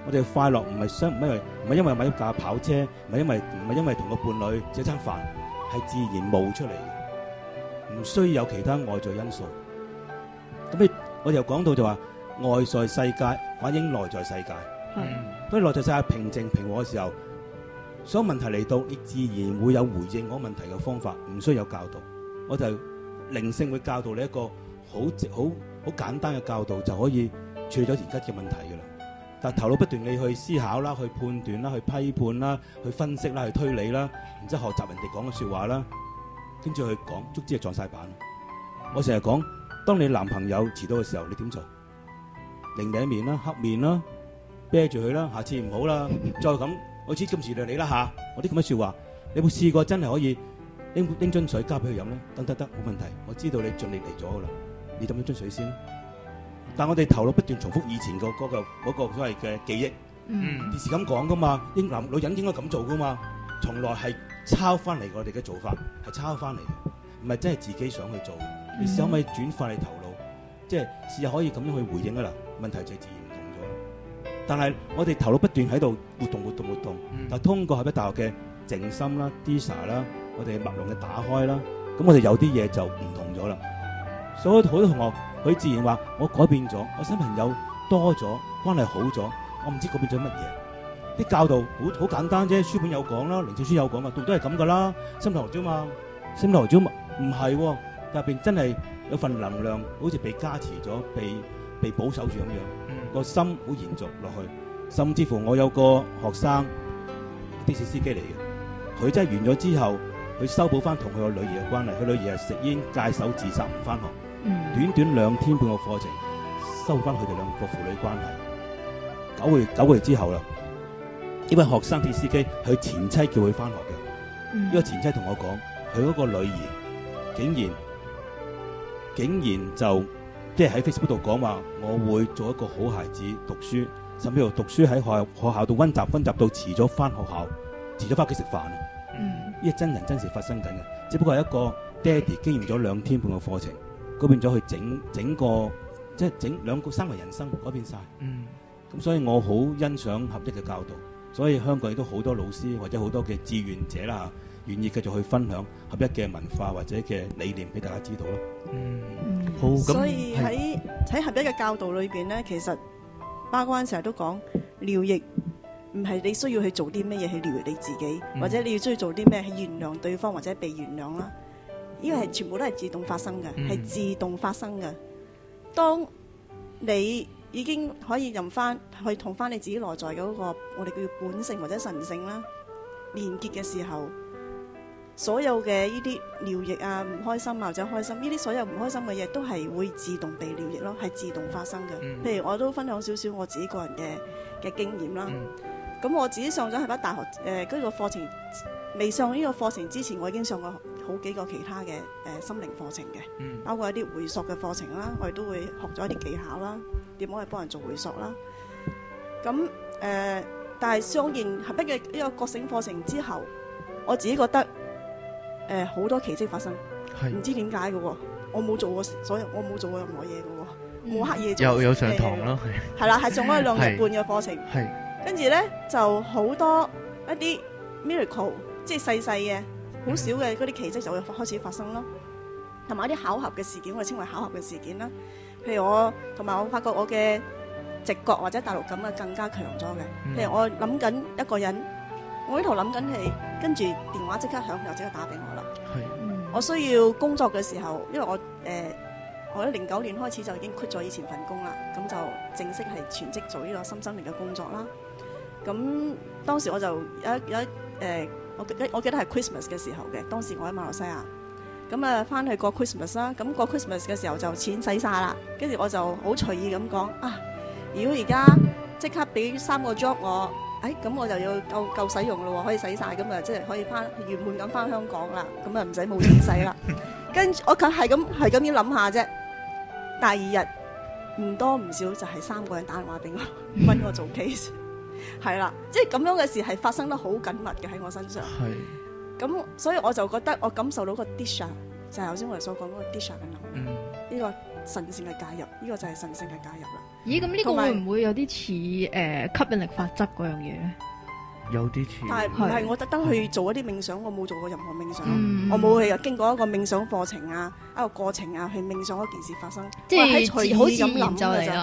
我哋快樂唔係想唔係因為唔係因為買一架跑車，唔係因為唔係因為同個伴侶食餐飯。係自然冒出嚟嘅，唔需要有其他外在因素。咁我就講講到就話外在世界反映內在世界，當內在世界平靜平和嘅時候，所有問題嚟到，你自然會有回應我問題嘅方法，唔需要有教導。我就靈性會教導你一個好好好簡單嘅教導，就可以除咗而家嘅問題噶啦。但係頭腦不斷你去思考啦，去判斷啦，去批判啦，去分析啦，去推理啦，然之後學習人哋講嘅説話啦，跟住去講，卒之係撞晒板。我成日講，當你男朋友遲到嘅時候，你點做？零零面啦，黑面啦，啤住佢啦，下次唔好啦，再咁，我知今時量你啦嚇。我啲咁嘅説話，你有冇試過真係可以拎拎樽水加俾佢飲咧？得得得，冇問題。我知道你盡力嚟咗噶啦，你飲唔飲樽水先？但我哋頭腦不斷重複以前嗰、嗰個嗰、嗰個、所謂嘅記憶，電視咁講噶嘛，英男女人應該咁做噶嘛，從來係抄翻嚟我哋嘅做法，係抄翻嚟嘅，唔係真係自己想去做，嗯、你可唔可以轉化你頭腦，即係試下可以咁樣去回應㗎啦？問題就自然唔同咗。但係我哋頭腦不斷喺度活，活動活動活動，嗯、但通過合一大學嘅靜心啦、DISA 啦，我哋慢慢嘅打開啦，咁我哋有啲嘢就唔同咗啦。所以好多同學。佢自然話：我改變咗，我新朋友多咗，關係好咗。我唔知改變咗乜嘢。啲教導好好簡單啫，書本有講啦，靈修書有講噶，讀都係咁噶啦，心理學啫嘛，心理學啫嘛，唔係入邊真係有份能量，好似被加持咗，被被保守住咁樣，個心好延續落去。甚至乎我有個學生，的士司機嚟嘅，佢真係完咗之後，佢修補翻同佢個女兒嘅關係，佢女兒係食煙戒手自殺唔翻學。短短兩天半嘅課程，收翻佢哋兩個父女關係。九月九個月之後啦，呢位學生鐵司機，佢 前妻叫佢翻學嘅。呢、 這個前妻同我講，佢嗰個女兒竟然竟然就即係喺 Facebook 度講話，我會做一個好孩子，讀書甚至乎讀書喺學學校度温習温習到遲咗翻學校，遲咗翻屋企食飯。呢、 這個真人真事發生緊嘅，只不過係一個爹哋經驗咗兩天半嘅課程。改變咗佢整整個即係整兩個生為人生改變曬。咁所以我好欣賞合一嘅教導，所以香港亦都好多老師或者好多嘅志願者啦，願意繼續去分享合一嘅文化或者嘅理念俾大家知道咯。嗯，好。咁所以喺喺合一嘅教導裏邊咧，其實巴關成日都講療愈，唔係你需要去做啲咩嘢去療愈你自己，或者你要中意做啲咩去原諒對方或者被原諒啦。因為係全部都係自動發生嘅，係、嗯、自動發生嘅。當你已經可以認返，去同返你自己內在嘅嗰、那個，我哋叫本性或者神性啦，連結嘅時候，所有嘅呢啲療癒啊，唔開心、啊、或者開心，呢啲所有唔開心嘅嘢都係會自動被療癒咯，係自動發生嘅、嗯。譬如我都分享少少我自己個人嘅嘅經驗啦。咁、嗯、我自己上咗係把大學誒，呢、呃那個課程未上呢個課程之前，我已經上過，好幾個其他嘅誒、呃、心靈課程嘅，嗯、包括一啲回溯嘅課程啦，我哋都會學咗一啲技巧啦，點樣去幫人做回溯啦。咁誒、呃，但係相然合一嘅呢個覺醒課程之後，我自己覺得誒好、呃、多奇蹟發生，唔、啊、知點解嘅喎，我冇做過所有，我冇做過任何嘢嘅喎，我冇刻意做嘢，又有上堂咯，係啦、啊，係上咗兩日半嘅課程，係、啊，跟住咧就好多一啲 miracle，即係細細嘅。好少嘅嗰啲奇蹟就會開始發生咯，同埋一啲巧合嘅事件，我哋稱為巧合嘅事件啦。譬如我同埋我發覺我嘅直覺或者第六感啊更加強咗嘅。譬如我諗緊一個人，我呢度諗緊係，跟住電話即刻響又即刻打俾我啦。我需要工作嘅時候，因為我誒我喺零九年開始就已經 quit 咗以前份工啦，咁就正式係全職做呢個身心靈嘅工作啦。咁當時我就有有誒。我記得係 Christmas 嘅時候嘅，當時我喺馬來西亞，咁啊翻去過 Christmas 啦，咁過 Christmas 嘅時候就錢使晒啦，跟住我就好隨意咁講啊，如果而家即刻俾三個 job 我，哎咁我就要夠夠使用咯，可以使晒。咁啊，即係可以翻圓滿咁翻香港啦，咁啊唔使冇錢使啦，跟 住我梗係咁係咁樣諗下啫，第二日唔多唔少就係三個人打電話俾我，問我做 case。係啦，即係咁樣嘅事係發生得好緊密嘅喺我身上。係，咁所以我就覺得我感受到個 disha，就係頭先我哋所講嗰個 disha 嘅、嗯、能量，呢、這個神聖嘅介入，呢、這個就係神聖嘅介入啦。咦、嗯，咁、欸、呢個會唔會有啲似誒吸引力法則嗰樣嘢咧？有啲似。但係唔係我特登去做一啲冥想，是我冇做過任何冥想，嗯、我冇去經過一個冥想課程啊，一個過程啊去冥想嗰件事發生，即係隨意咁諗就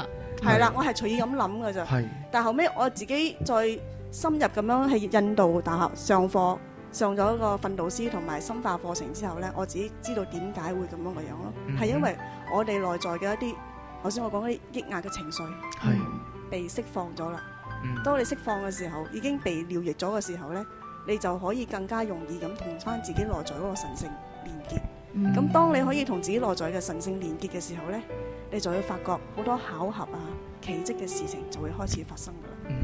係啦，我係隨意咁諗噶咋，但係後尾我自己再深入咁樣喺印度大學上課，上咗一個訓導師同埋深化課程之後呢，我自己知道點解會咁樣嘅樣咯，係、嗯、因為我哋內在嘅一啲，頭先我講啲抑壓嘅情緒，係被釋放咗啦。當你釋放嘅時候，已經被療愈咗嘅時候呢，你就可以更加容易咁同翻自己內在嗰個神聖連結。咁、嗯、當你可以同自己內在嘅神聖連結嘅時候呢。你就會發覺好多巧合啊、奇蹟嘅事情就會開始發生噶啦。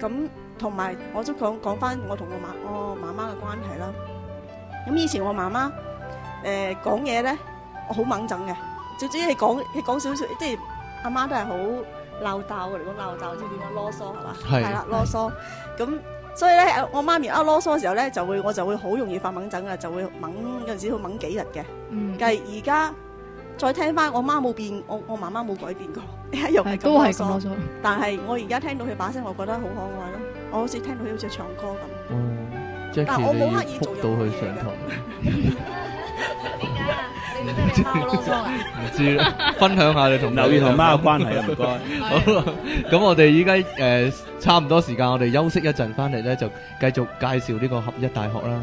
咁同埋我都講講翻我同我媽我媽媽嘅關係啦。咁以前我媽媽誒講嘢咧我好掹震嘅，最主要係講你講少少，即係阿媽都係好鬧斗㗎，如果鬧斗，即係點樣囉嗦係嘛？係啦，囉嗦咁，所以咧我媽咪一囉嗦嘅時候咧，就會我就會好容易發掹震嘅，就會掹，有陣時會掹幾日嘅。但係而家。再聽翻，我媽冇變，我我媽媽冇改變過，依家又係咁講。都係咁講，但係我而家聽到佢把聲，我覺得好可愛咯。我好似聽到佢好似唱歌咁。哦，Jackie，我冇刻意到佢上堂。你係貓攞咗啊？唔知啦。分享下你同友誼同媽嘅關係啊，唔該。好，咁我哋依家誒差唔多時間，我哋休息一陣，翻嚟咧就繼續介紹呢個合一大學啦。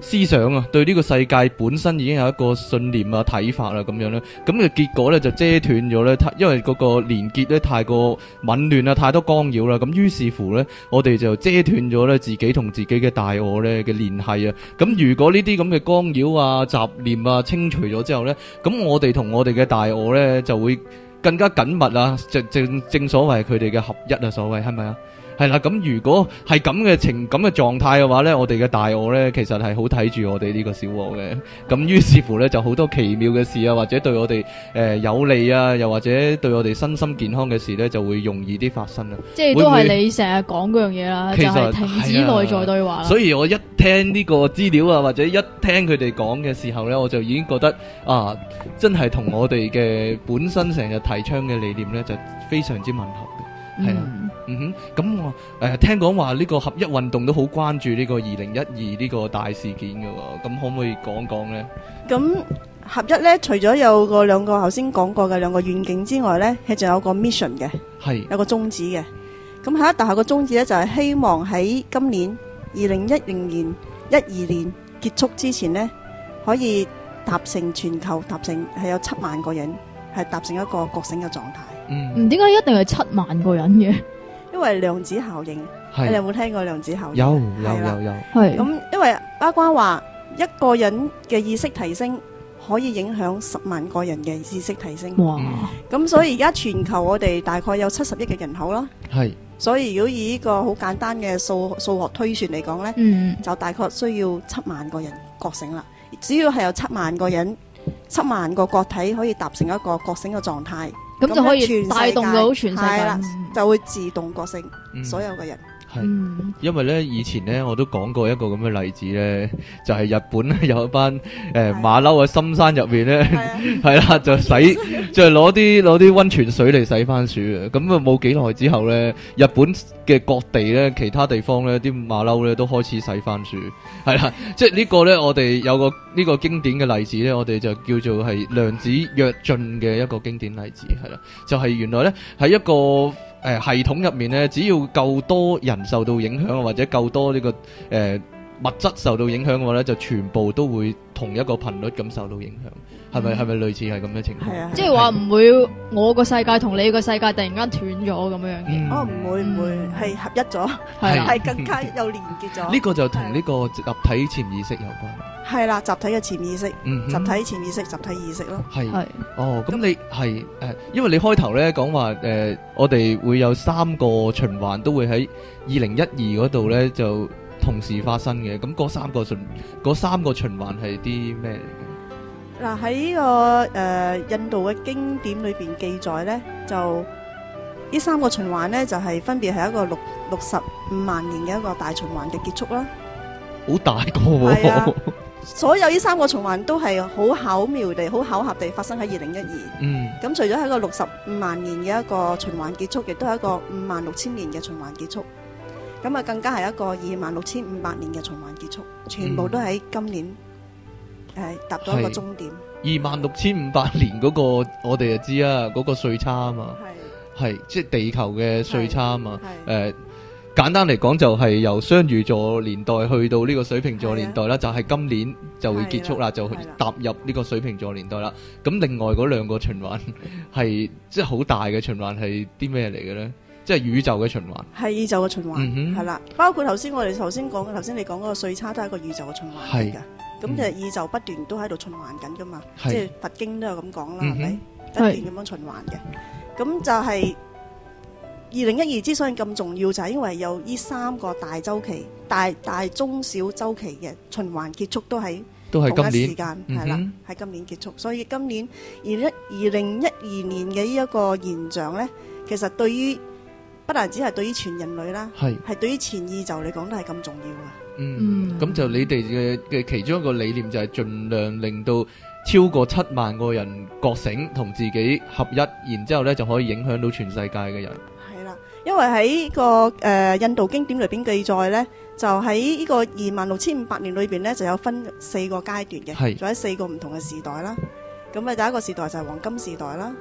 思想啊，對呢個世界本身已經有一個信念啊、睇法啦、啊，咁樣呢，咁嘅結果呢就遮斷咗呢，因為嗰個連結呢太過紊亂啊，太多干擾啦、啊，咁於是乎呢，我哋就遮斷咗呢自己同自己嘅大我呢嘅聯繫啊，咁如果呢啲咁嘅干擾啊、雜念啊清除咗之後呢，咁我哋同我哋嘅大我呢就會更加緊密啊，正正正所謂佢哋嘅合一啊，所謂係咪啊？係啦，咁如果係咁嘅情感嘅狀態嘅話呢，我哋嘅大我呢，其實係好睇住我哋呢個小我嘅。咁於是乎呢，就好多奇妙嘅事啊，或者對我哋誒、呃、有利啊，又或者對我哋身心健康嘅事呢，就會容易啲發生會會啦。即係都係你成日講嗰樣嘢啦，就係停止內在對話。所以我一聽呢個資料啊，或者一聽佢哋講嘅時候呢，我就已經覺得啊，真係同我哋嘅本身成日提倡嘅理念呢，就非常之吻合，係啊。嗯嗯哼，咁我誒、呃、聽講話呢個合一運動都好關注呢個二零一二呢個大事件嘅，咁可唔可以講講呢？咁、嗯、合一呢，除咗有個兩個頭先講過嘅兩個願景之外呢，係仲有個 mission 嘅，係有個宗旨嘅。咁合一大學嘅宗旨呢，就係、是、希望喺今年二零一零年一二年結束之前呢，可以達成全球達成，係有七萬個人係達成一個覺醒嘅狀態。嗯，唔點解一定係七萬個人嘅？因為量子效應，你有冇聽過量子效應？有有有有。咁因為巴關話，一個人嘅意識提升可以影響十萬個人嘅意識提升。哇！咁所以而家全球我哋大概有七十億嘅人口啦。係。所以如果以呢個好簡單嘅數數學推算嚟講呢，就大概需要七萬個人覺醒啦。只要係有七萬個人，七萬個個體可以達成一個覺醒嘅狀態。咁就可以帶動到全世界，全世界，就會自動覺醒、嗯、所有嘅人。嗯，因為咧以前咧我都講過一個咁嘅例子咧，就係、係、日本有一班誒馬騮喺深山入邊咧，係啦， 就洗就攞啲攞啲溫泉水嚟洗番薯啊！咁啊冇幾耐之後咧，日本嘅各地咧其他地方咧啲馬騮咧都開始洗番薯，係啦，即係呢個咧我哋有個呢、呢個經典嘅例子咧，我哋就叫做係量子躍進嘅一個經典例子，係啦，就係、係、原來咧喺一個系統入面呢，只要夠多人受到影響，或者夠多呢個誒，呃物質受到影響嘅話咧，就全部都會同一個頻率咁受到影響，係咪係咪類似係咁嘅情況？即係話唔會我個世界同你個世界突然間斷咗咁樣、嗯、哦，唔會唔會係合一咗，係係、啊、更加又連結咗。呢 個就同呢個集體潛意識有關。係啦、啊，集體嘅潛意識，嗯，集體潛意識、集體意識咯。係係、啊啊、哦，咁你係誒、啊，因為你開頭咧講話誒，我哋會有三個循環，都會喺二零一二嗰度咧就，同時發生嘅，咁嗰三個循嗰三個循環係啲咩嚟嘅？嗱，喺呢個誒印度嘅經典裏邊記載咧，就呢三個循環咧就係分別係一個六六十五萬年嘅一個大循環嘅結束啦。好大個喎！係啊，所有呢三個循環都係好巧妙地、好巧合地發生喺二零一二。嗯，咁除咗係一個六十五萬年嘅一個循環結束，亦都係一個五萬六千年嘅循環結束。咁啊，更加係一個二萬六千五百年嘅循環結束，全部都喺今年誒，達、嗯、咗一個終點。二萬六千五百年嗰、那個，我哋就知啦，嗰、那個歲差啊嘛，係即係地球嘅歲差啊嘛。誒，簡單嚟講就係由雙魚座年代去到呢個水瓶座年代啦、啊，就係、是、今年就會結束啦、啊，就踏入呢個水瓶座年代啦。咁另外嗰兩個循環係即係好大嘅循環，係啲咩嚟嘅咧？即係宇宙嘅循環，係宇宙嘅循環，係啦。包括頭先我哋頭先講嘅，頭先你講嗰個歲差都係一個宇宙嘅循環嚟嘅。咁其實宇宙不斷都喺度循環緊噶嘛。即係佛經都有咁講啦，係咪不斷咁樣循環嘅？咁就係二零一二之所以咁重要，就係因為有呢三個大週期、大大中小週期嘅循環結束都喺都係同一時間，係啦，喺今年結束。所以今年二一二零一二年嘅呢一個現象咧，其實對於不單止係對於全人類啦，係係對於全宇宙嚟講都係咁重要啊！嗯，咁就你哋嘅嘅其中一個理念就係盡量令到超過七萬個人覺醒同自己合一，然之後呢就可以影響到全世界嘅人。係啦，因為喺個誒印度經典裏邊記載呢，就喺呢個二萬六千五百年裏邊呢就有分四個階段嘅，仲有四個唔同嘅時代啦。咁啊，第一個時代就係黃金時代啦。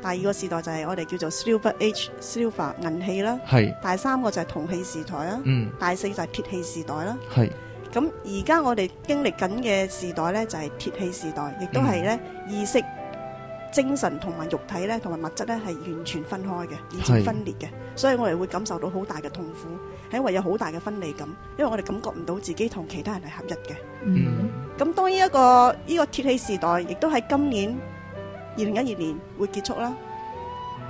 第二個時代就係我哋叫做 Silver Age silver 銀器啦，係。第三個就係銅器時代啦，嗯。第四就係鐵器時代啦，係。咁而家我哋經歷緊嘅時代咧，就係鐵器時代，亦都係咧意識、精神同埋肉體咧，同埋物質咧係完全分開嘅，而且分裂嘅。所以我哋會感受到好大嘅痛苦，係因為有好大嘅分離感，因為我哋感覺唔到自己同其他人係合一嘅。嗯。咁當呢一個呢個鐵器時代，亦都喺今年，二零一二年會結束啦，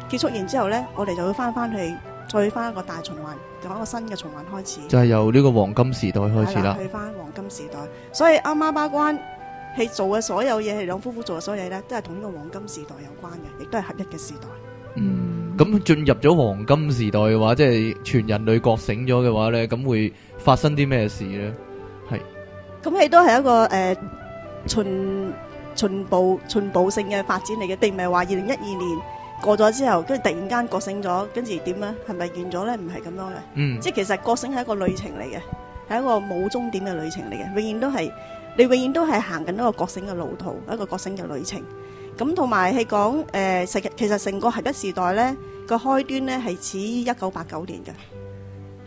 結束完之後咧，我哋就會翻翻去，再去翻一個大循環，再一個新嘅循環開始。就係由呢個黃金時代開始啦。去翻黃金時代，所以阿媽巴關係做嘅所有嘢，係兩夫婦做嘅所有嘢咧，都係同呢個黃金時代有關嘅，亦都係合一嘅時代。嗯，咁進入咗黃金時代嘅話，即係全人類覺醒咗嘅話咧，咁會發生啲咩事咧？係，咁亦都係一個誒全。進步進步性嘅發展嚟嘅，並唔係話二零一二年過咗之後，跟住突然間覺醒咗，跟住點啊？係咪完咗咧？唔係咁樣嘅。嗯，即係其實覺醒係一個旅程嚟嘅，係一個冇終點嘅旅程嚟嘅，永遠都係你永遠都係行緊一個覺醒嘅路途，一個覺醒嘅旅程。咁同埋係講誒，成其實成個合一時代咧個開端咧係始於一九八九年嘅，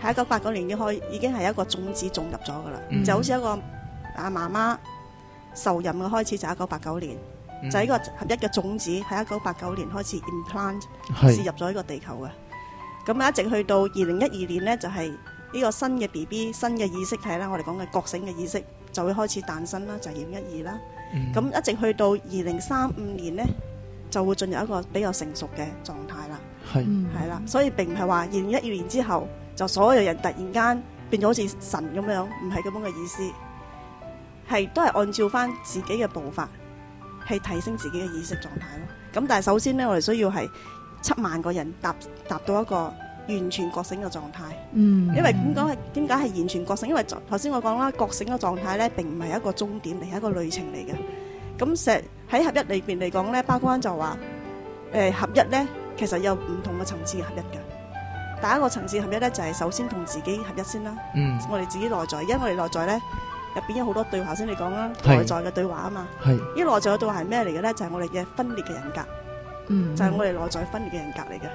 喺一九八九年已經已經係一個種子種入咗噶啦，就好似一個阿媽媽。受任嘅開始就一九八九年，嗯、就係一、是、個合一嘅種子喺一九八九年開始 implant，植入咗呢個地球嘅。咁一直去到二零一二年呢，就係、是、呢個新嘅 BB，新嘅意識，係啦。我哋講嘅覺醒嘅意識就會開始誕生啦，就係二零一二啦。咁、嗯、一直去到二零三五年呢，就會進入一個比較成熟嘅狀態啦。係，係、嗯、啦，所以並唔係話二零一二年之後就所有人突然間變咗好似神咁樣，唔係咁樣嘅意思。係都係按照翻自己嘅步伐，去提升自己嘅意識狀態咯。咁但係首先呢，我哋需要係七萬個人達達到一個完全覺醒嘅狀態。嗯、mm -hmm.。因為點講係點解係完全覺醒？因為頭先我講啦，覺醒嘅狀態呢並唔係一個終點，而係一個旅程嚟嘅。咁石喺合一裏邊嚟講呢，巴關就話：誒、呃、合一呢，其實有唔同嘅層次嘅合一嘅。第一個層次合一呢，就係、是、首先同自己合一先啦。Mm -hmm. 我哋自己內在，因為我哋內在呢。入邊有好多對話先你講啦，內在嘅對話啊嘛，呢內在嘅對話係咩嚟嘅咧？就係我哋嘅分裂嘅人格，嗯，就係我哋內在分裂嘅人格嚟嘅。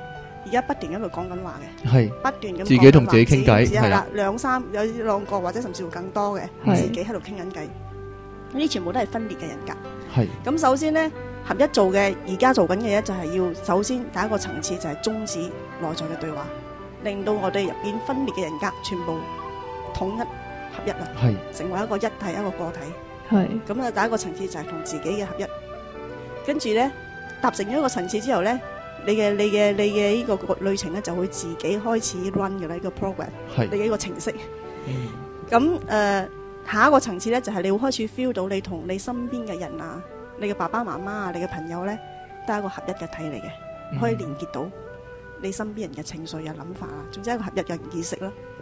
而家不斷咁喺度講緊話嘅，係不斷咁自己同自己傾偈係啦，兩三有兩個或者甚至乎更多嘅自己喺度傾緊偈，呢全部都係分裂嘅人格。係咁首先咧，合一做嘅而家做緊嘅嘢，就係要首先第一個層次就係終止內在嘅對話，令到我哋入邊分裂嘅人格全部統一。合一啊，係成為一個一體一個個體，係咁啊，第一個層次就係同自己嘅合一，跟住咧達成咗一個層次之後咧，你嘅你嘅你嘅呢個旅程咧就會自己開始 run 嘅啦，呢個 program，係你嘅一個程式。咁誒，下一個層次咧就係你會開始 feel 到你同你身邊嘅人啊，你嘅爸爸媽媽啊，你嘅朋友咧，都係一個合一嘅體嚟嘅，可以連結到你身邊人嘅情緒啊、諗法啊，總之一個合一嘅意識啦。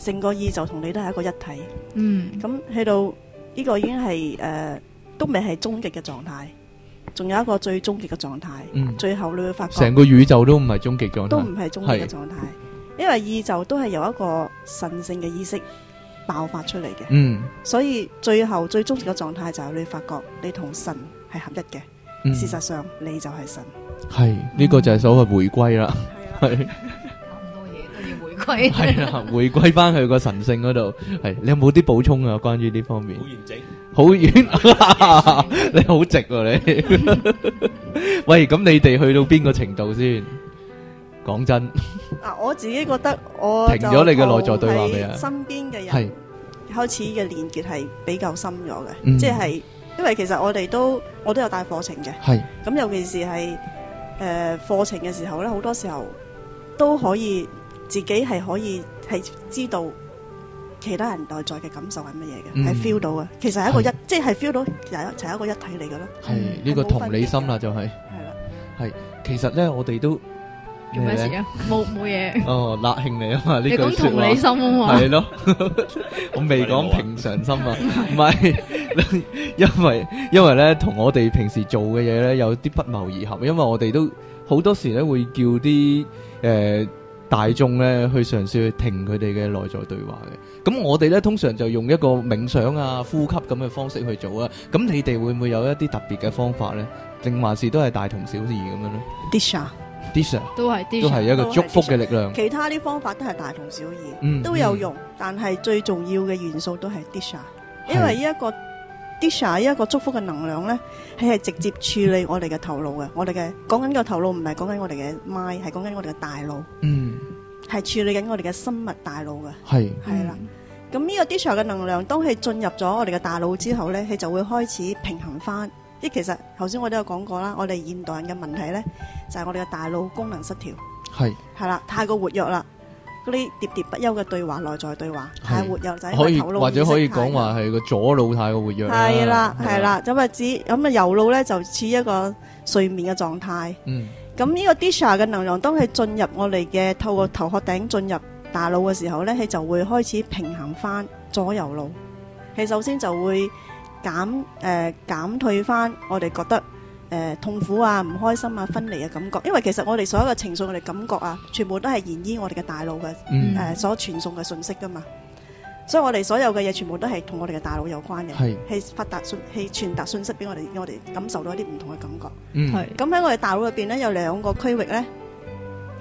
成個宇宙同你都係一個一體，咁去到呢個已經係誒都未係終極嘅狀態，仲有一個最終極嘅狀態，最後你會發覺成個宇宙都唔係終極狀態，都唔係終極嘅狀態，因為宇宙都係由一個神聖嘅意識爆發出嚟嘅，所以最後最終極嘅狀態就係你發覺你同神係合一嘅，事實上你就係神，係，呢個就係所謂回歸啦，係。係啦，回歸翻去個神聖嗰度。係你有冇啲補充啊？關於呢方面，好完整，好遠，你好直啊！你，喂，咁你哋去到邊個程度先？講真，啊，我自己覺得我停咗你嘅內在對話嘅，身邊嘅人係開始嘅連結係比較深咗嘅，即係因為其實我哋都我都有帶課程嘅，係咁，尤其是係誒課程嘅時候咧，好多時候都可以。自己係可以係知道其他人內在嘅感受係乜嘢嘅，係 feel 到嘅。其實係一個一，即係 feel 到，係一，係一個一體嚟嘅咯。係呢個同理心啦，就係係啦，係。其實咧，我哋都做咩事啊？冇冇嘢。哦，納慶你啊嘛，呢句同理心係咯。我未講平常心啊，唔係，因為因為咧，同我哋平時做嘅嘢咧有啲不謀而合。因為我哋都好多時咧會叫啲誒。大眾咧去嘗試去停佢哋嘅內在對話嘅，咁我哋咧通常就用一個冥想啊、呼吸咁嘅方式去做啊。咁你哋會唔會有一啲特別嘅方法咧？定還是都係大同小異咁樣咧？Disha，Disha，都係都係一個祝福嘅力量。其他啲方法都係大同小異，都有用，但係最重要嘅元素都係 Disha，因為呢一個 Disha 呢一個祝福嘅能量咧，係係直接處理我哋嘅頭腦嘅，我哋嘅講緊個頭腦唔係講緊我哋嘅 mind，係講緊我哋嘅大腦。嗯。係處理緊我哋嘅生物大腦嘅，係係啦。咁呢個 Deeksha 嘅能量，當係進入咗我哋嘅大腦之後咧，佢就會開始平衡翻。即係其實頭先我都有講過啦，我哋現代人嘅問題咧，就係我哋嘅大腦功能失調，係係啦，太過活躍啦，嗰啲喋喋不休嘅對話、內在對話，太活躍，就係頭腦唔適應，或者可以講話係個左腦太過活躍啦，係啦係啦，咁啊左咁啊右腦咧就似一個睡眠嘅狀態，嗯。咁呢個 Disha 嘅能量當佢進入我哋嘅透過頭殼頂進入大腦嘅時候呢，佢就會開始平衡翻左右腦。佢首先就會減誒減退翻我哋覺得誒痛苦啊、唔開心啊、分離嘅感覺。因為其實我哋所有嘅情緒、我哋感覺啊，全部都係源於我哋嘅大腦嘅誒所傳送嘅信息噶嘛。所以我哋所有嘅嘢，全部都係同我哋嘅大腦有關嘅，係傳達信，係傳達信息俾我哋，我哋感受到一啲唔同嘅感覺。係咁喺我哋大腦入邊咧，有兩個區域咧，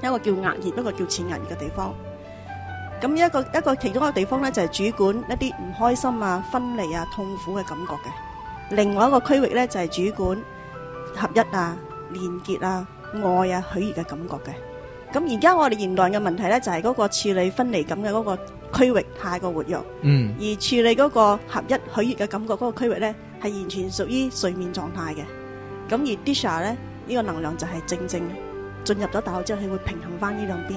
一個叫壓熱，一個叫淺壓熱嘅地方。咁一個一個其中一個地方咧，就係主管一啲唔開心啊、分離啊、痛苦嘅感覺嘅；另外一個區域咧，就係主管合一啊、連結啊、愛啊、喜悅嘅感覺嘅。咁而家我哋現代人嘅問題咧，就係嗰個處理分離感嘅嗰個。區域太過活躍，而處理嗰個合一喜悅嘅感覺嗰個區域咧，係完全屬於睡眠狀態嘅。咁而 Disha 咧，呢個能量就係正正進入咗大學之後，佢會平衡返呢兩邊。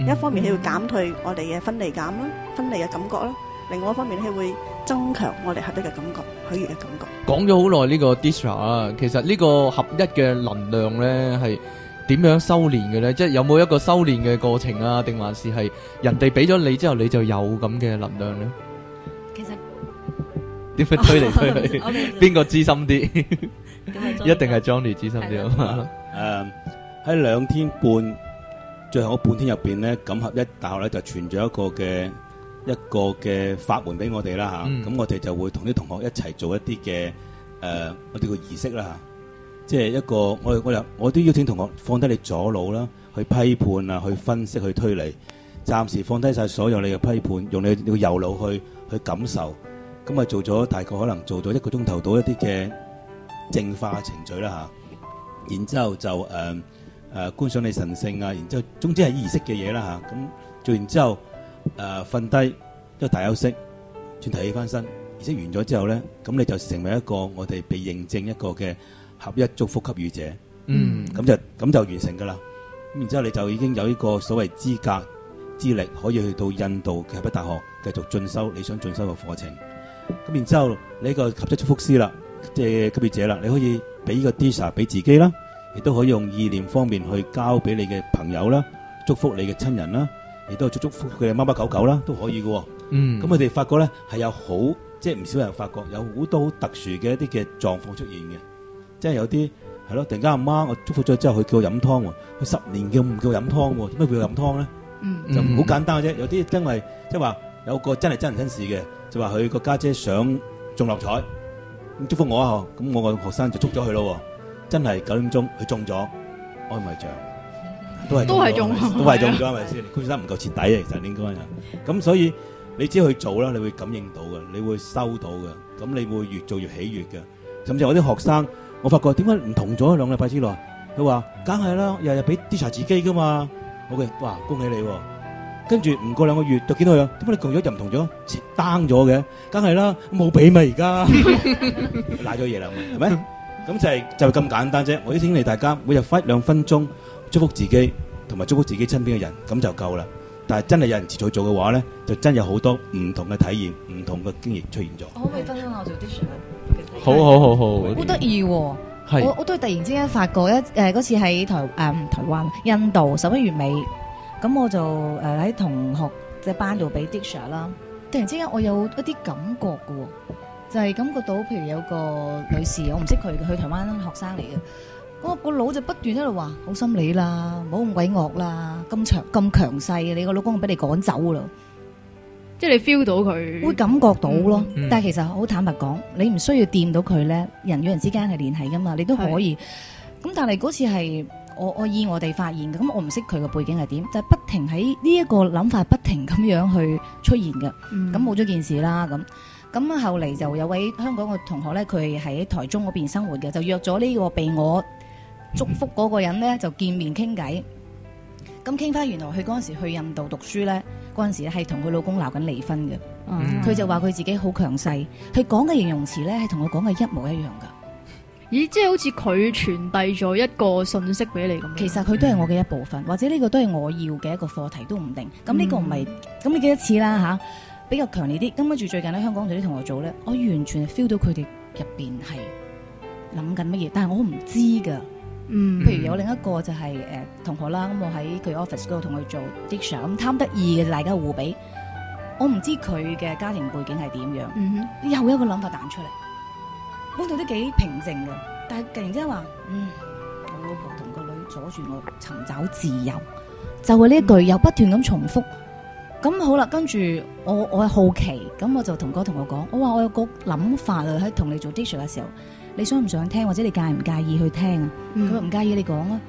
一方面佢會減退我哋嘅分離感啦、分離嘅感覺啦；另外一方面咧，佢會增強我哋合一嘅感覺、喜悅嘅感覺。講咗好耐呢個 Disha 啊，其實呢個合一嘅能量咧係。點樣修煉嘅咧？即係有冇一個修煉嘅過程啊？定還是係人哋俾咗你之後，你就有咁嘅能量咧？其實點會推嚟，推去？邊個資深啲？一定係 Johnny 資深啲啊嘛！誒，喺兩天半最後嗰半天入邊咧，咁合一大學咧就傳咗一個嘅一個嘅法門俾我哋啦吓。咁我哋就會同啲同學一齊做一啲嘅誒，我哋嘅儀式啦吓。即係一個，我我又我都邀請同學放低你左腦啦，去批判啊，去分析，去推理。暫時放低曬所有你嘅批判，用你你個右腦去去感受。咁啊，做咗大概可能做咗一個鐘頭到一啲嘅淨化程序啦嚇。然之後就誒誒觀想你神性啊。然之後總之係儀式嘅嘢啦嚇。咁做完之後誒，瞓低一個大休息，轉提起翻身。儀式完咗之後咧，咁你就成為一個我哋被認證一個嘅。合一祝福給予者，嗯，咁就咁就完成噶啦。咁然之後你就已經有呢個所謂資格、資歷，可以去到印度嘅合一大學繼續進修你想進修嘅課程。咁然之後你一個合一祝福師啦，即係給予者啦，你可以俾呢個 DISA 俾自己啦，亦都可以用意念方面去交俾你嘅朋友啦，祝福你嘅親人啦，亦都祝福佢嘅貓貓狗狗啦，都可以㗎。嗯，咁佢哋發覺咧係有好即係唔少人發覺有好多好特殊嘅一啲嘅狀況出現嘅。即係有啲係咯，突然間阿媽，我祝福咗之後，佢叫我飲湯喎。佢十年叫唔叫我飲湯喎，點解佢要飲湯咧？嗯嗯。就好簡單嘅啫，有啲真係即係話有個真係真人真事嘅，就話佢個家姐想中六合彩，咁祝福我啊！咁我個學生就捉咗佢咯。真係九點鐘佢中咗安慰獎，都係都係中，都係中咗安慰先。高先生唔夠徹底啊，其實應該啊。咁所以你只係去做啦，你會感應到嘅，你會收到嘅，咁你會越做越喜悅嘅。甚至我啲學生。我發覺點解唔同咗兩個禮拜之內？佢話：梗係啦，日日俾啲柴自己噶嘛。好嘅，哇，恭喜你啊！跟住唔過兩個月就見到佢，點解你降咗又唔同咗？切單咗嘅，梗係啦，冇俾嘛，而家，賴咗嘢啦，係咪？咁 就係、是、就咁、是、簡單啫。我啲請你大家每日花一兩分鐘祝福自己，同埋祝福自己身邊嘅人，咁就夠啦。但係真係有人持續做嘅話咧，就真有好多唔同嘅體驗，唔同嘅經驗出現咗。可唔可以分享我做啲嘢？好好好好，好得意。我我都係突然之間發覺一誒，嗰次喺台誒台灣、印度十一月尾，咁我就誒喺同學即係班度俾 teacher 啦。突然之間我有一啲感覺嘅，就係感覺到譬如有個女士，我唔識佢嘅，佢台灣學生嚟嘅，我個腦就不斷喺度話：好心你啦，唔好咁鬼惡啦，咁強咁強勢嘅，你個老公俾你趕走啦。即係你 feel 到佢，會感覺到咯、嗯。但係其實好坦白講，你唔需要掂到佢咧。人與人之間係聯繫噶嘛，你都可以。咁但係嗰次係我以我依我哋發現嘅，咁我唔識佢嘅背景係點，就係不停喺呢一個諗法不停咁樣去出現嘅。咁冇咗件事啦，咁咁後嚟就有位香港嘅同學咧，佢喺台中嗰邊生活嘅，就約咗呢個被我祝福嗰個人咧、嗯，就見面傾偈。咁傾翻，原來佢嗰陣時去印度讀書咧，嗰陣時係同佢老公鬧緊離婚嘅。佢、嗯、就話佢自己好強勢，佢講嘅形容詞咧係同我講嘅一模一樣噶。咦，即係好似佢傳遞咗一個信息俾你咁。其實佢都係我嘅一部分，嗯、或者呢個都係我要嘅一個課題都唔定。咁呢個唔、就、係、是，咁、嗯、你記一次啦吓、啊，比較強烈啲。咁跟住最近喺香港同啲同學組咧，我完全 feel 到佢哋入面係諗緊乜嘢，但係我唔知噶。嗯，譬如有另一個就係、是、誒、嗯、同學啦，咁我喺佢 office 嗰度同佢做 discuss，咁貪得意嘅大家互比，我唔知佢嘅家庭背景係點樣，又、嗯、一個諗法彈出嚟，嗰度都幾平靜嘅，但係突然之間話，嗯，我老婆同個女阻住我尋找自由，就係、是、呢一句、嗯、又不斷咁重複，咁好啦，跟住我我好奇，咁我就同哥同學講，我話我有個諗法啊，喺同你做 discuss 嘅時候。你想唔想聽，或者你介唔介意去聽啊？佢話唔介意，你講啊。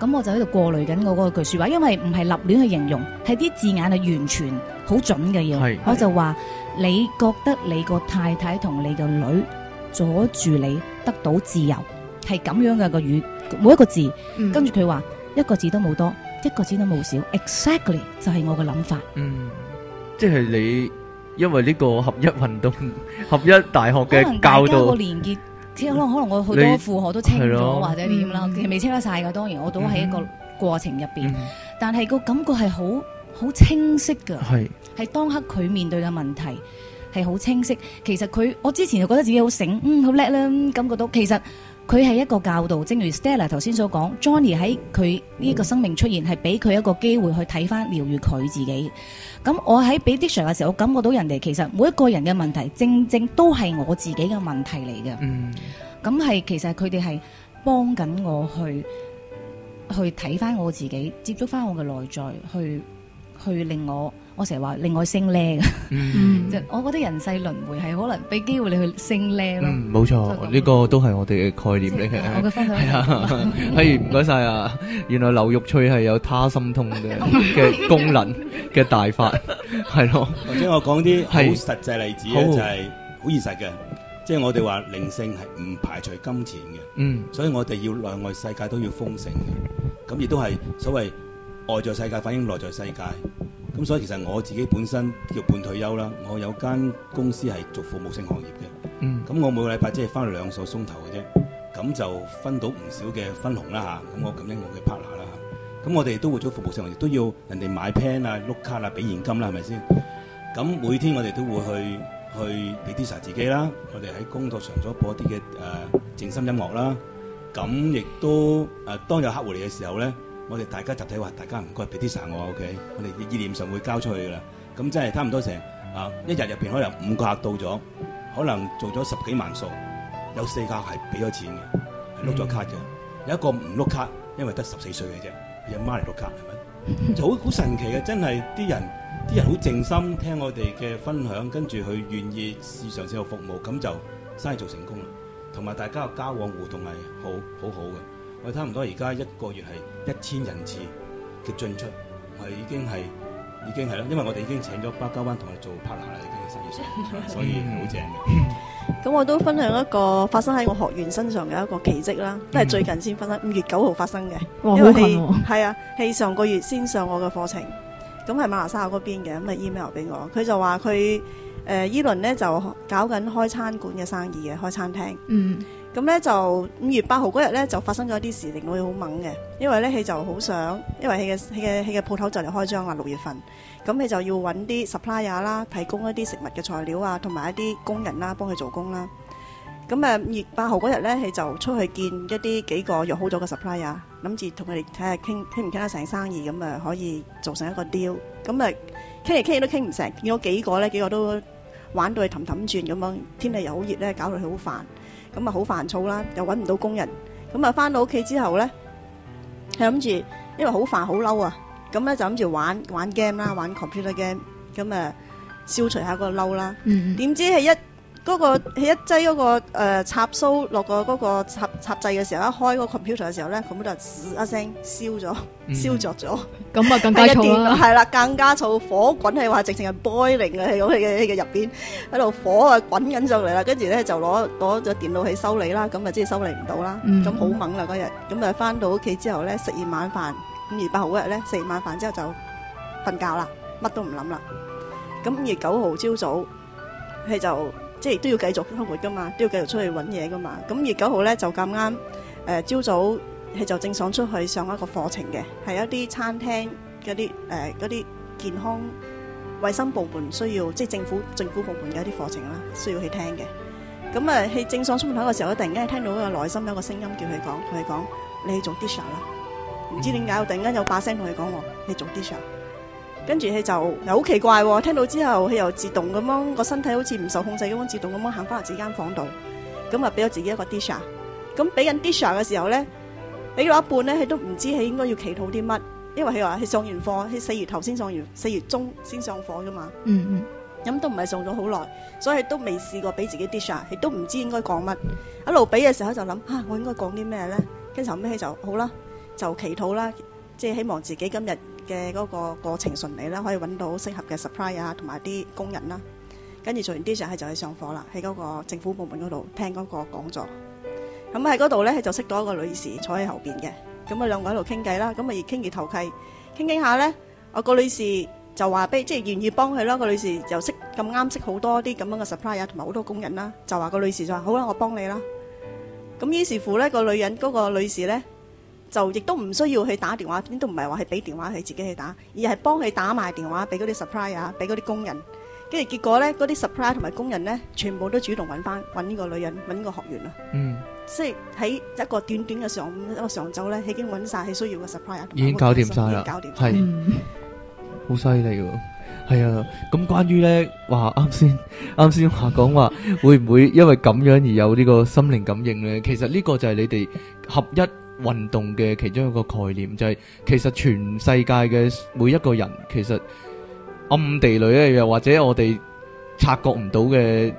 咁我就喺度過濾緊我嗰句說話，因為唔係立亂去形容，係啲字眼係完全好準嘅嘢。我就話，你覺得你個太太同你個女阻住你得到自由，係咁樣嘅個語，每一個字。跟住佢話一個字都冇多，一個字都冇少，exactly 就係我嘅諗法。嗯，即係你因為呢個合一運動、合一大學嘅教導。聽可能，可能我好多負荷都清咗，或者點啦，佢、嗯、未清得晒噶。當然我都喺一個過程入邊、嗯嗯，但係個感覺係好好清晰噶，係當刻佢面對嘅問題係好清晰。其實佢我之前就覺得自己好醒，嗯，好叻啦，感覺到其實。佢係一個教導，正如 Stella 頭先所講，Johnny 喺佢呢個生命出現，係俾佢一個機會去睇翻療愈佢自己。咁我喺俾啲 share 嘅時候，我感覺到人哋其實每一個人嘅問題，正正都係我自己嘅問題嚟嘅。咁、嗯、係其實佢哋係幫緊我去去睇翻我自己，接觸翻我嘅內在，去去令我。我成日話另外升 level，我覺得人世輪迴係可能俾機會你去升 level。冇錯，呢個都係我哋嘅概念嚟嘅。我嘅分享係啊，不如唔該晒啊！原來劉玉翠係有他心通嘅嘅功能嘅大法，係咯。或者我講啲好實際例子就係好現實嘅，即係我哋話靈性係唔排除金錢嘅。嗯，所以我哋要內外世界都要豐盛嘅，咁亦都係所謂外在世界反映內在世界。咁所以其實我自己本身叫半退休啦，我有間公司係做服務性行業嘅。咁、嗯、我每個禮拜即係翻兩所鐘頭嘅啫，咁就分到唔少嘅分紅啦嚇。咁我感恩我嘅 partner 啦，咁我哋都會做服務性行業，都要人哋買 plan 啊、碌卡啊、俾現金啦，係咪先？咁每天我哋都會去去俾啲茶自己啦，我哋喺工作場所播啲嘅誒靜心音樂啦。咁亦都誒、呃、當有客戶嚟嘅時候咧。 我哋大家集體話，大家唔該，畀啲錢我，okay？我哋嘅意念上會交出去噶啦。咁真係差唔多成啊一日入邊可能五個客到咗，可能做咗十幾萬數，有四個客係俾咗錢嘅，係碌咗卡嘅。有一個唔碌卡，因為得十四歲嘅啫，佢阿媽嚟碌卡係咪？就好好神奇嘅，真係啲人啲人好靜心聽我哋嘅分享，跟住佢願意試場試有服務，咁就生意做成功啦。同埋大家嘅交往互動係好好好嘅。我差唔多而家一個月係一千人次嘅進出，係已經係已經係啦，因為我哋已經請咗北交灣同佢做 partner 啦，已經生意上，所以好正嘅。咁 我都分享一個發生喺我學員身上嘅一個奇蹟啦，都係最近先發生，五月九號發生嘅，因為佢係啊係上個月先上我嘅課程，咁係馬來西亞嗰邊嘅，咁啊 email 俾我，佢就話佢誒依輪咧就搞緊開餐館嘅生意嘅，開餐廳，嗯。咁咧就五月八號嗰日咧就發生咗一啲事，令到佢好猛嘅。因為咧，佢就好想，因為佢嘅佢嘅佢嘅鋪頭就嚟開張啦，六月份。咁佢就要揾啲 supplier 啦，提供一啲食物嘅材料啊，同埋一啲工人啦，幫佢做工啦。咁誒五月八號嗰日咧，佢就出去見一啲幾個約好咗嘅 supplier，諗住同佢哋睇下傾傾唔傾得成生意咁誒，可以做成一個 deal。咁誒傾嚟傾去都傾唔成，見到幾個咧，幾個都玩到佢氹氹轉咁樣，天氣又好熱咧，搞到佢好煩。咁啊好煩躁啦，又揾唔到工人，咁啊翻到屋企之後咧，係諗住，因為好煩好嬲啊，咁咧就諗住玩玩 game 啦，玩 computer game，咁啊消除下嗰個嬲啦。mm-hmm. 點知係一。嗰個喺一劑嗰個誒插蘇落個嗰個插插掣嘅時候，一開個 computer 嘅時候咧，computer 嘶一聲燒咗，燒着咗。咁啊更加燥啦，係啦，更加燥，火滾係話直情係 boiling 啊，喺佢嘅嘅入邊喺度火啊滾緊上嚟啦。跟住咧就攞攞咗電腦去修理啦，咁啊即係修理唔到啦。咁好猛啊嗰日，咁啊翻到屋企之後咧，食完晚飯，五月八號嗰日咧，食完晚飯之後就瞓覺啦，乜都唔諗啦。咁五月九號朝早佢就。即係都要繼續生活噶嘛，都要繼續出去揾嘢噶嘛。咁二九號咧就咁啱，誒朝早係就正爽出去上一個課程嘅，係一啲餐廳嗰啲誒嗰啲健康衞生部門需要，即係政府政府部門嘅一啲課程啦，需要去聽嘅。咁啊，喺正爽出門口嘅時候，我突然間聽到個內心有一個聲音叫佢講，同佢講：你去做 dishes 啦。唔知點解我突然間有把聲同佢講喎，你做 dishes。跟住佢就好奇怪喎，哦！聽到之後佢又自動咁樣個身體好似唔受控制咁樣自動咁樣行翻落自己間房度。咁啊俾咗自己一個 disha，咁俾緊 disha 嘅時候咧，俾咗一半咧佢都唔知佢應該要祈禱啲乜，因為佢話佢上完課，佢四月頭先上完，四月中先上課㗎嘛。嗯咁，嗯、都唔係上咗好耐，所以都未試過俾自己 disha，佢都唔知應該講乜。一路俾嘅時候就諗嚇，啊，我應該講啲咩咧？跟住後尾就好啦，就祈禱啦，即係希望自己今日嘅嗰個過程順利啦，可以揾到適合嘅 supply 啊，同埋啲工人啦，跟住做完啲就，係就去上課啦，喺嗰個政府部門嗰度聽嗰個講座。咁喺嗰度咧，就識到一個女士坐喺後邊嘅，咁啊兩個喺度傾偈啦，咁啊越傾越投契，傾傾下咧，啊個女士就話俾，即係願意幫佢咯。個女士又識咁啱識好多啲咁樣嘅 supply 啊，同埋好多工人啦，就話個女士就話好啦，我幫你啦。咁於是乎咧，個女人嗰個女士咧。就亦都唔需要去打電話，都唔係話係俾電話佢自己去打，而係幫佢打埋電話俾嗰啲 supplier，俾嗰啲工人。跟住結果咧，嗰啲 supplier 同埋工人咧，全部都主動揾翻揾呢個女人，揾呢個學員啦。嗯，即係喺一個短短嘅上一個上晝咧，已經揾曬佢需要嘅 supplier，已經搞掂曬啦，搞掂係好犀利喎。係啊，咁關於咧話啱先啱先話講話會唔會因為咁樣而有呢個心靈感應咧？其實呢個就係你哋合一。運動嘅其中一個概念就係，其實全世界嘅每一個人，其實暗地裏咧，又或者我哋察覺唔到嘅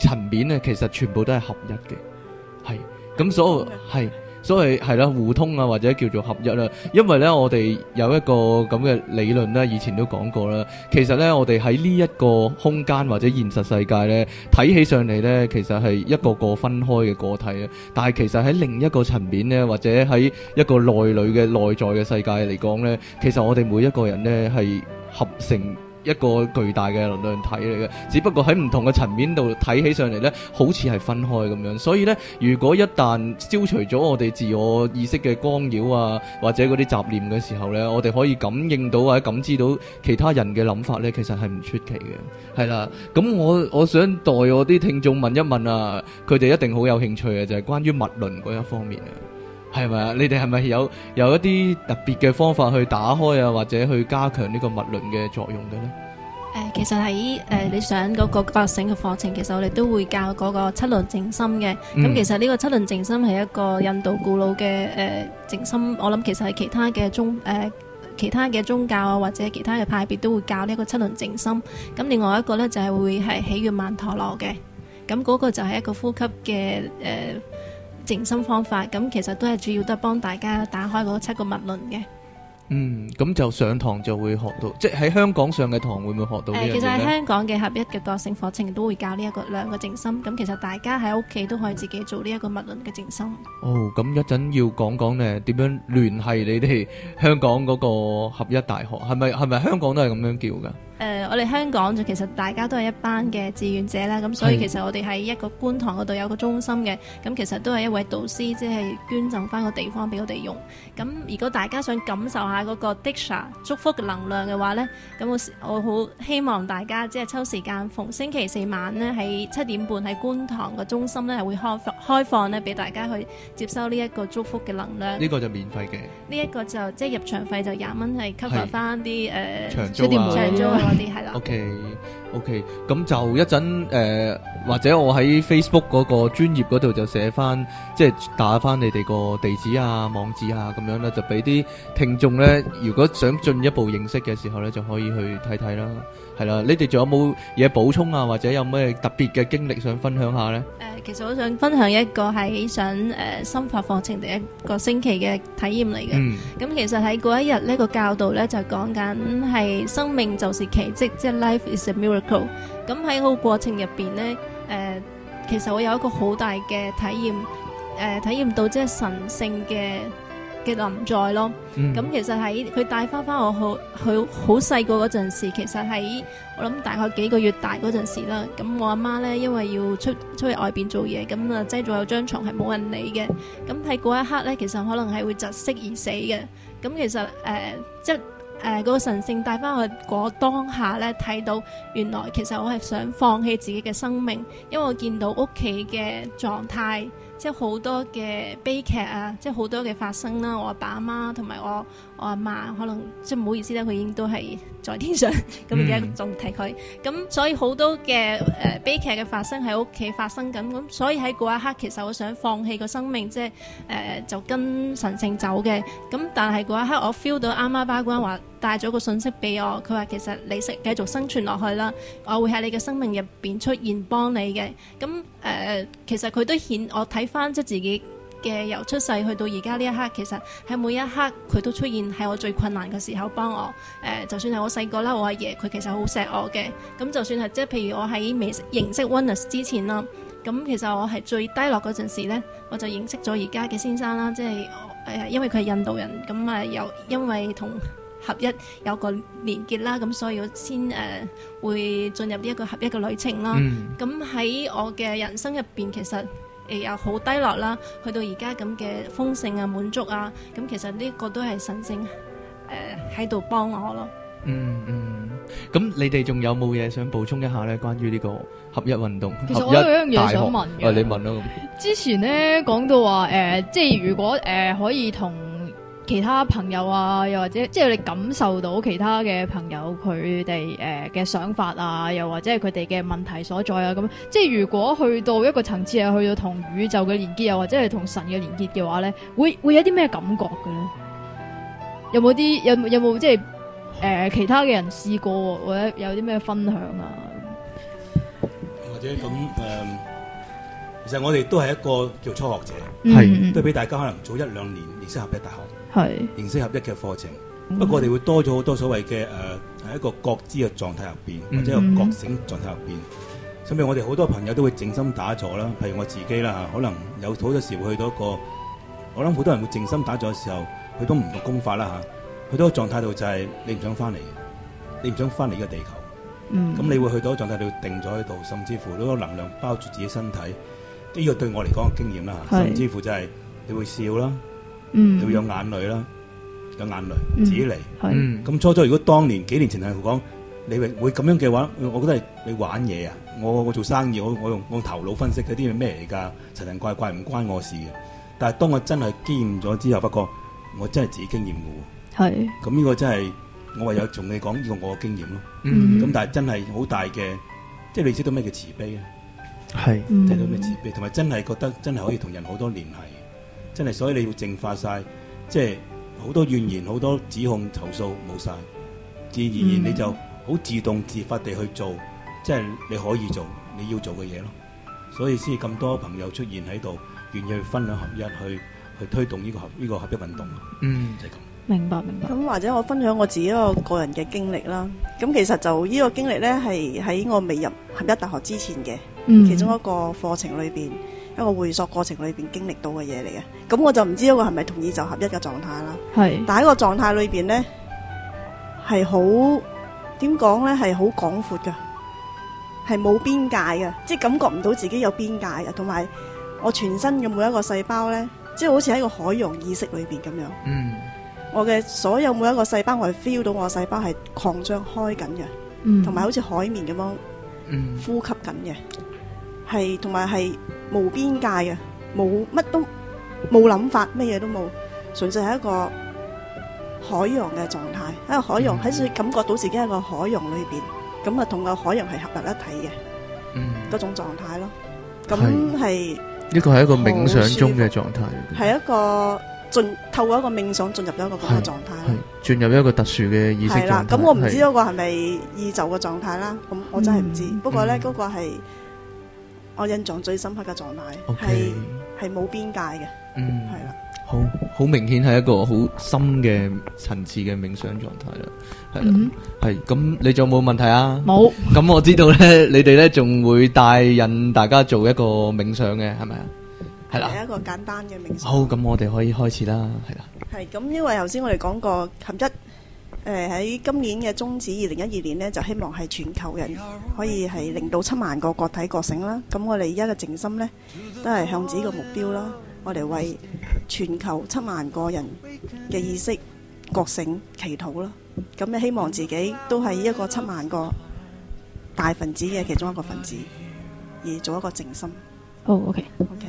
層面咧，其實全部都係合一嘅，係咁，所以係。所以係啦，互通啊，或者叫做合一啦、啊。因為呢，我哋有一個咁嘅理論呢，以前都講過啦。其實呢，我哋喺呢一個空間或者現實世界呢，睇起上嚟呢，其實係一個個分開嘅個體啊。但係其實喺另一個層面呢，或者喺一個內裏嘅內在嘅世界嚟講呢，其實我哋每一個人呢，係合成。一個巨大嘅能量體嚟嘅，只不過喺唔同嘅層面度睇起上嚟呢，好似係分開咁樣。所以呢，如果一旦消除咗我哋自我意識嘅干擾啊，或者嗰啲雜念嘅時候呢，我哋可以感應到或者感知到其他人嘅諗法呢，其實係唔出奇嘅。係啦，咁我我想代我啲聽眾問一問啊，佢哋一定好有興趣嘅，就係關於物論嗰一方面啊。係咪啊？你哋係咪有有一啲特別嘅方法去打開啊，或者去加強呢個脈輪嘅作用嘅咧？誒，其實喺誒你上嗰個八醒嘅課程，其實我哋都會教嗰個七輪靜心嘅。咁其實呢個七輪靜心係一個印度古老嘅誒靜心。我諗其實係其他嘅宗誒其他嘅宗教啊，或者其他嘅派別都會教呢一個七輪靜心。咁另外一個咧就係會係喜悅曼陀羅嘅。咁嗰個就係一個呼吸嘅誒。靜心方法，咁其實都係主要都係幫大家打開嗰七個脈輪嘅。嗯，咁就上堂就會學到，即係喺香港上嘅堂會唔會學到呢？其實喺香港嘅合一嘅覺醒課程都會教呢一個兩個靜心，咁其實大家喺屋企都可以自己做呢一個脈輪嘅靜心。哦，咁一陣要講講咧，點樣聯繫你哋香港嗰個合一大學，係咪係咪香港都係咁樣叫噶？誒、呃，我哋香港就其實大家都係一班嘅志願者啦，咁所以其實我哋喺一個觀塘嗰度有個中心嘅，咁其實都係一位導師，即、就、係、是、捐贈翻個地方俾我哋用。咁如果大家想感受下嗰個 Diksha 祝福嘅能量嘅話呢，咁我我好希望大家即係抽時間逢星期四晚呢，喺七點半喺觀塘個中心呢，係會開放開放呢，俾大家去接收呢一個祝福嘅能量。呢、這個就免費嘅。呢、這、一個就即係、就是、入場費就廿蚊，係吸引翻啲誒。呃長租啊！O K O K，咁就一陣誒、呃，或者我喺 Facebook 嗰個專頁嗰度就寫翻，即、就、係、是、打翻你哋個地址啊、網址啊咁樣啦，就俾啲聽眾咧，如果想進一步認識嘅時候咧，就可以去睇睇啦。係啦，你哋仲有冇嘢補充啊？或者有咩特別嘅經歷想分享下呢？呃？其實我想分享一個喺上心法課程第一個星期嘅體驗嚟嘅。咁、嗯嗯、其實喺嗰一日呢個教導呢，就講緊係生命就是奇蹟，即、就、係、是、life is a miracle。咁喺個過程入面呢、呃，其實我有一個好大嘅體驗，誒、呃、體驗到即係神性嘅。嘅臨在咯，咁其實喺佢帶翻翻我好佢好細個嗰陣時，其實喺我諗大概幾個月大嗰陣時啦。咁我阿媽咧，因為要出出去外邊做嘢，咁啊擠咗有張床，係冇人理嘅。咁喺嗰一刻咧，其實可能係會窒息而死嘅。咁其實誒、呃，即係誒、呃，嗰個神性帶翻去嗰當下咧，睇到原來其實我係想放棄自己嘅生命，因為我見到屋企嘅狀態。即係好多嘅悲劇啊！即係好多嘅發生啦、啊。我阿爸阿媽同埋我我阿嫲，可能即係唔好意思啦，佢已經都係在天上，咁點解仲提佢。咁、嗯、所以好多嘅誒悲劇嘅發生喺屋企發生緊，咁、嗯、所以喺嗰一刻，其實我想放棄個生命，即係誒就跟神聖走嘅。咁、嗯、但係嗰一刻我 feel 到阿媽阿爸話帶咗個信息俾我，佢話其實你食繼續生存落去啦，我會喺你嘅生命入邊出現幫你嘅。咁、嗯、誒、呃、其實佢都顯我睇。翻即自己嘅，由出世去到而家呢一刻，其實喺每一刻佢都出現喺我最困難嘅時候幫我。誒、呃，就算係我細個啦，我阿爺佢其實好錫我嘅。咁就算係即係，譬如我喺未認識 Oneness 之前啦，咁其實我係最低落嗰陣時咧，我就認識咗而家嘅先生啦。即係誒，因為佢係印度人，咁啊又因為同合一有個連結啦，咁所以我先誒、呃、會進入呢一個合一嘅旅程啦。咁、嗯、喺我嘅人生入邊，其實。誒又好低落啦，去到而家咁嘅豐盛啊、滿足啊，咁其實呢個都係神聖喺度幫我咯。嗯嗯，咁你哋仲有冇嘢想補充一下咧？關於呢個合一運動，合一大學？其實我有樣嘢想問嘅。啊你問啦、嗯嗯啊嗯、之前咧講到話、呃、即係如果、呃、可以同。其他朋友啊，又或者即係你感受到其他嘅朋友佢哋誒嘅想法啊，又或者係佢哋嘅問題所在啊，咁即係如果去到一個層次，又去到同宇宙嘅連結，又或者係同神嘅連結嘅話咧，會會有啲咩感覺嘅咧？有冇啲有有冇即係誒、呃、其他嘅人試過或者有啲咩分享啊？或者咁誒、嗯，其實我哋都係一個叫初學者，係都俾大家可能早一兩年認識下合一大學。係形式合一嘅課程、嗯，不過我哋會多咗好多所謂嘅誒，喺、呃、一個覺知嘅狀態入邊，或者一個覺醒狀態入邊。甚、嗯、至、嗯、我哋好多朋友都會靜心打坐啦，譬如我自己啦嚇，可能有好多時會去到一個，我諗好多人會靜心打坐嘅時候，佢都唔讀功法啦嚇，佢個狀態度就係你唔想翻嚟，你唔想翻嚟呢個地球，咁、嗯、你會去到一個狀態度定咗喺度，甚至乎嗰個能量包住自己身體，呢、呢個對我嚟講嘅經驗啦嚇甚至乎就係你會笑啦。嗯、你會有眼淚啦，有眼淚，嗯、自己嚟。咁、嗯、初初如果當年幾年前係講你會咁樣嘅話，我覺得係你玩嘢啊！我我做生意，我我用我用頭腦分析嗰啲係咩嚟㗎？神神怪怪唔關我事嘅。但係當我真係經驗咗之後，發覺我真係自己經驗嘅喎。咁呢個真係我唯有仲你講呢個我嘅經驗咯。咁、嗯、但係真係好大嘅，即係你知道咩叫慈悲啊？係。聽到咩慈悲，同埋、嗯、真係覺得真係可以同人好多聯繫。真係，所以你要淨化曬，即係好多怨言、好多指控、投訴冇曬，自然而然你就好自動自發地去做，即係你可以做你要做嘅嘢咯。所以先咁多朋友出現喺度，願意去分享合一去去推動呢個合呢個合一運動。嗯，就係咁。明白明白。咁或者我分享我自己一個個人嘅經歷啦。咁其實就呢個經歷咧，係喺我未入合一大學之前嘅其中一個課程裏邊。一個回溯過程裏邊經歷到嘅嘢嚟嘅，咁我就唔知嗰個係咪同意就合一嘅狀態啦。係，但喺個狀態裏邊呢，係好點講呢？係好廣闊嘅，係冇邊界嘅，即係感覺唔到自己有邊界嘅，同埋我全身嘅每一個細胞呢，即係好似喺個海洋意識裏邊咁樣。嗯，我嘅所有每一個細胞，我係 feel 到我細胞係擴張開緊嘅，同埋好似海綿咁樣，嗯，呼吸緊嘅。係同埋係無邊界嘅，冇乜都冇諗法，乜嘢都冇，純粹係一個海洋嘅狀態。喺個海洋，喺住感覺到自己喺個海洋裏邊，咁啊同個海洋係合入一體嘅，嗰種狀態咯。咁係呢個係一個冥想中嘅狀態，係一個進透過一個冥想進入咗一個咁嘅狀態，進入一個特殊嘅意識。係啦，咁我唔知嗰個係咪宇宙嘅狀態啦。咁我真係唔知。不過咧，嗰個係。我印象最深刻嘅狀態係係冇邊界嘅，嗯，係啦，好好明顯係一個好深嘅層次嘅冥想狀態啦，係啦，係、嗯、咁，你仲有冇問題啊？冇，咁我知道咧， 你哋咧仲會帶引大家做一個冥想嘅，係咪啊？係啦，係一個簡單嘅冥想。好，咁我哋可以開始啦，係啦。係咁，因為頭先我哋講過琴日。誒喺今年嘅終止二零一二年呢，就希望係全球人可以係令到七萬個個體覺醒覺醒啦。咁我哋而家嘅靜心呢，都係向自己個目標啦。我哋為全球七萬個人嘅意識覺醒祈禱啦。咁你希望自己都係一個七萬個大分子嘅其中一個分子，而做一個靜心。哦，OK，OK。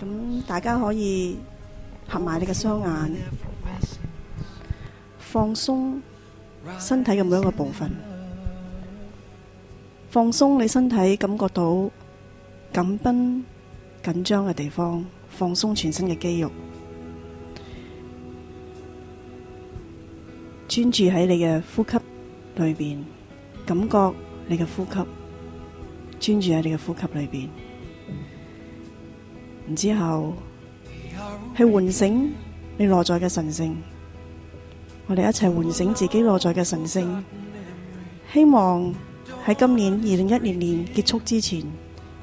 咁大家可以合埋你嘅雙眼。放鬆身體嘅每一個部分，放鬆你身體，感覺到緊繃緊張嘅地方，放鬆全身嘅肌肉，專注喺你嘅呼吸裏面，感覺你嘅呼吸，專注喺你嘅呼吸裏面，然之後去喚醒你內在嘅神聖。我哋一齊喚醒自己內在嘅神聖，希望喺今年二零一零年結束之前，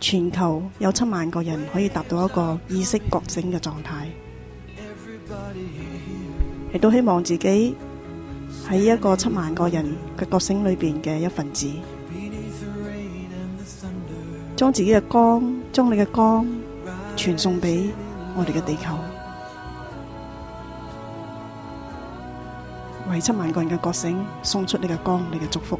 全球有七萬個人可以達到一個意識覺醒嘅狀態，亦都希望自己喺一個七萬個人嘅覺醒裏邊嘅一份子，將自己嘅光，將你嘅光，傳送俾我哋嘅地球。為七萬個人嘅覺醒，送出你嘅光，你嘅祝福。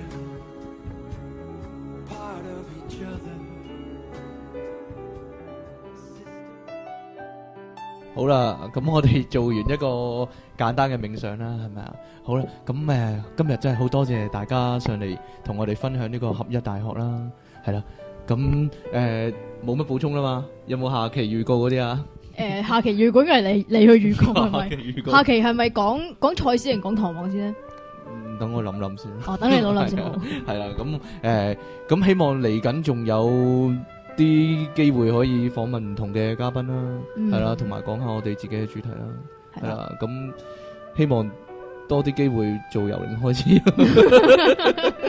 好啦，咁我哋做完一個簡單嘅冥想啦，係咪啊？好啦，咁誒，今日真係好多謝大家上嚟同我哋分享呢個合一大學啦，係啦，咁誒，冇乜補充啦嘛？有冇下期預告嗰啲啊？誒，下期預告因為你你去預告，係咪？下期係咪講講蔡詩瑩，講唐王先咧？嗯，等我諗諗先。哦，等你諗諗先。係啦，咁誒，咁希望嚟緊仲有。啲機會可以訪問唔同嘅嘉賓啦，係啦，同埋講下我哋自己嘅主題啦，係啦。咁希望多啲機會做由零開始。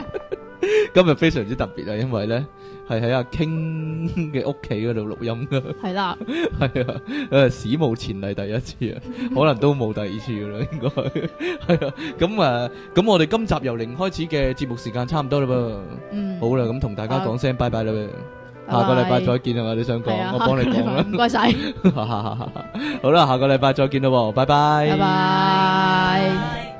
今日非常之特別啊，因為咧係喺阿 King 嘅屋企嗰度錄音噶，係啦，係啊，誒，史無前例第一次啊，可能都冇第二次噶啦，應該係啊。咁啊，咁我哋今集由零開始嘅節目時間差唔多啦噃，嗯，好啦，咁同大家講聲拜拜啦。下個禮拜再見，bye bye 你想啊！你想講，我幫你講啦，唔該晒。 好啦，下個禮拜再見咯，拜拜。拜拜。Bye bye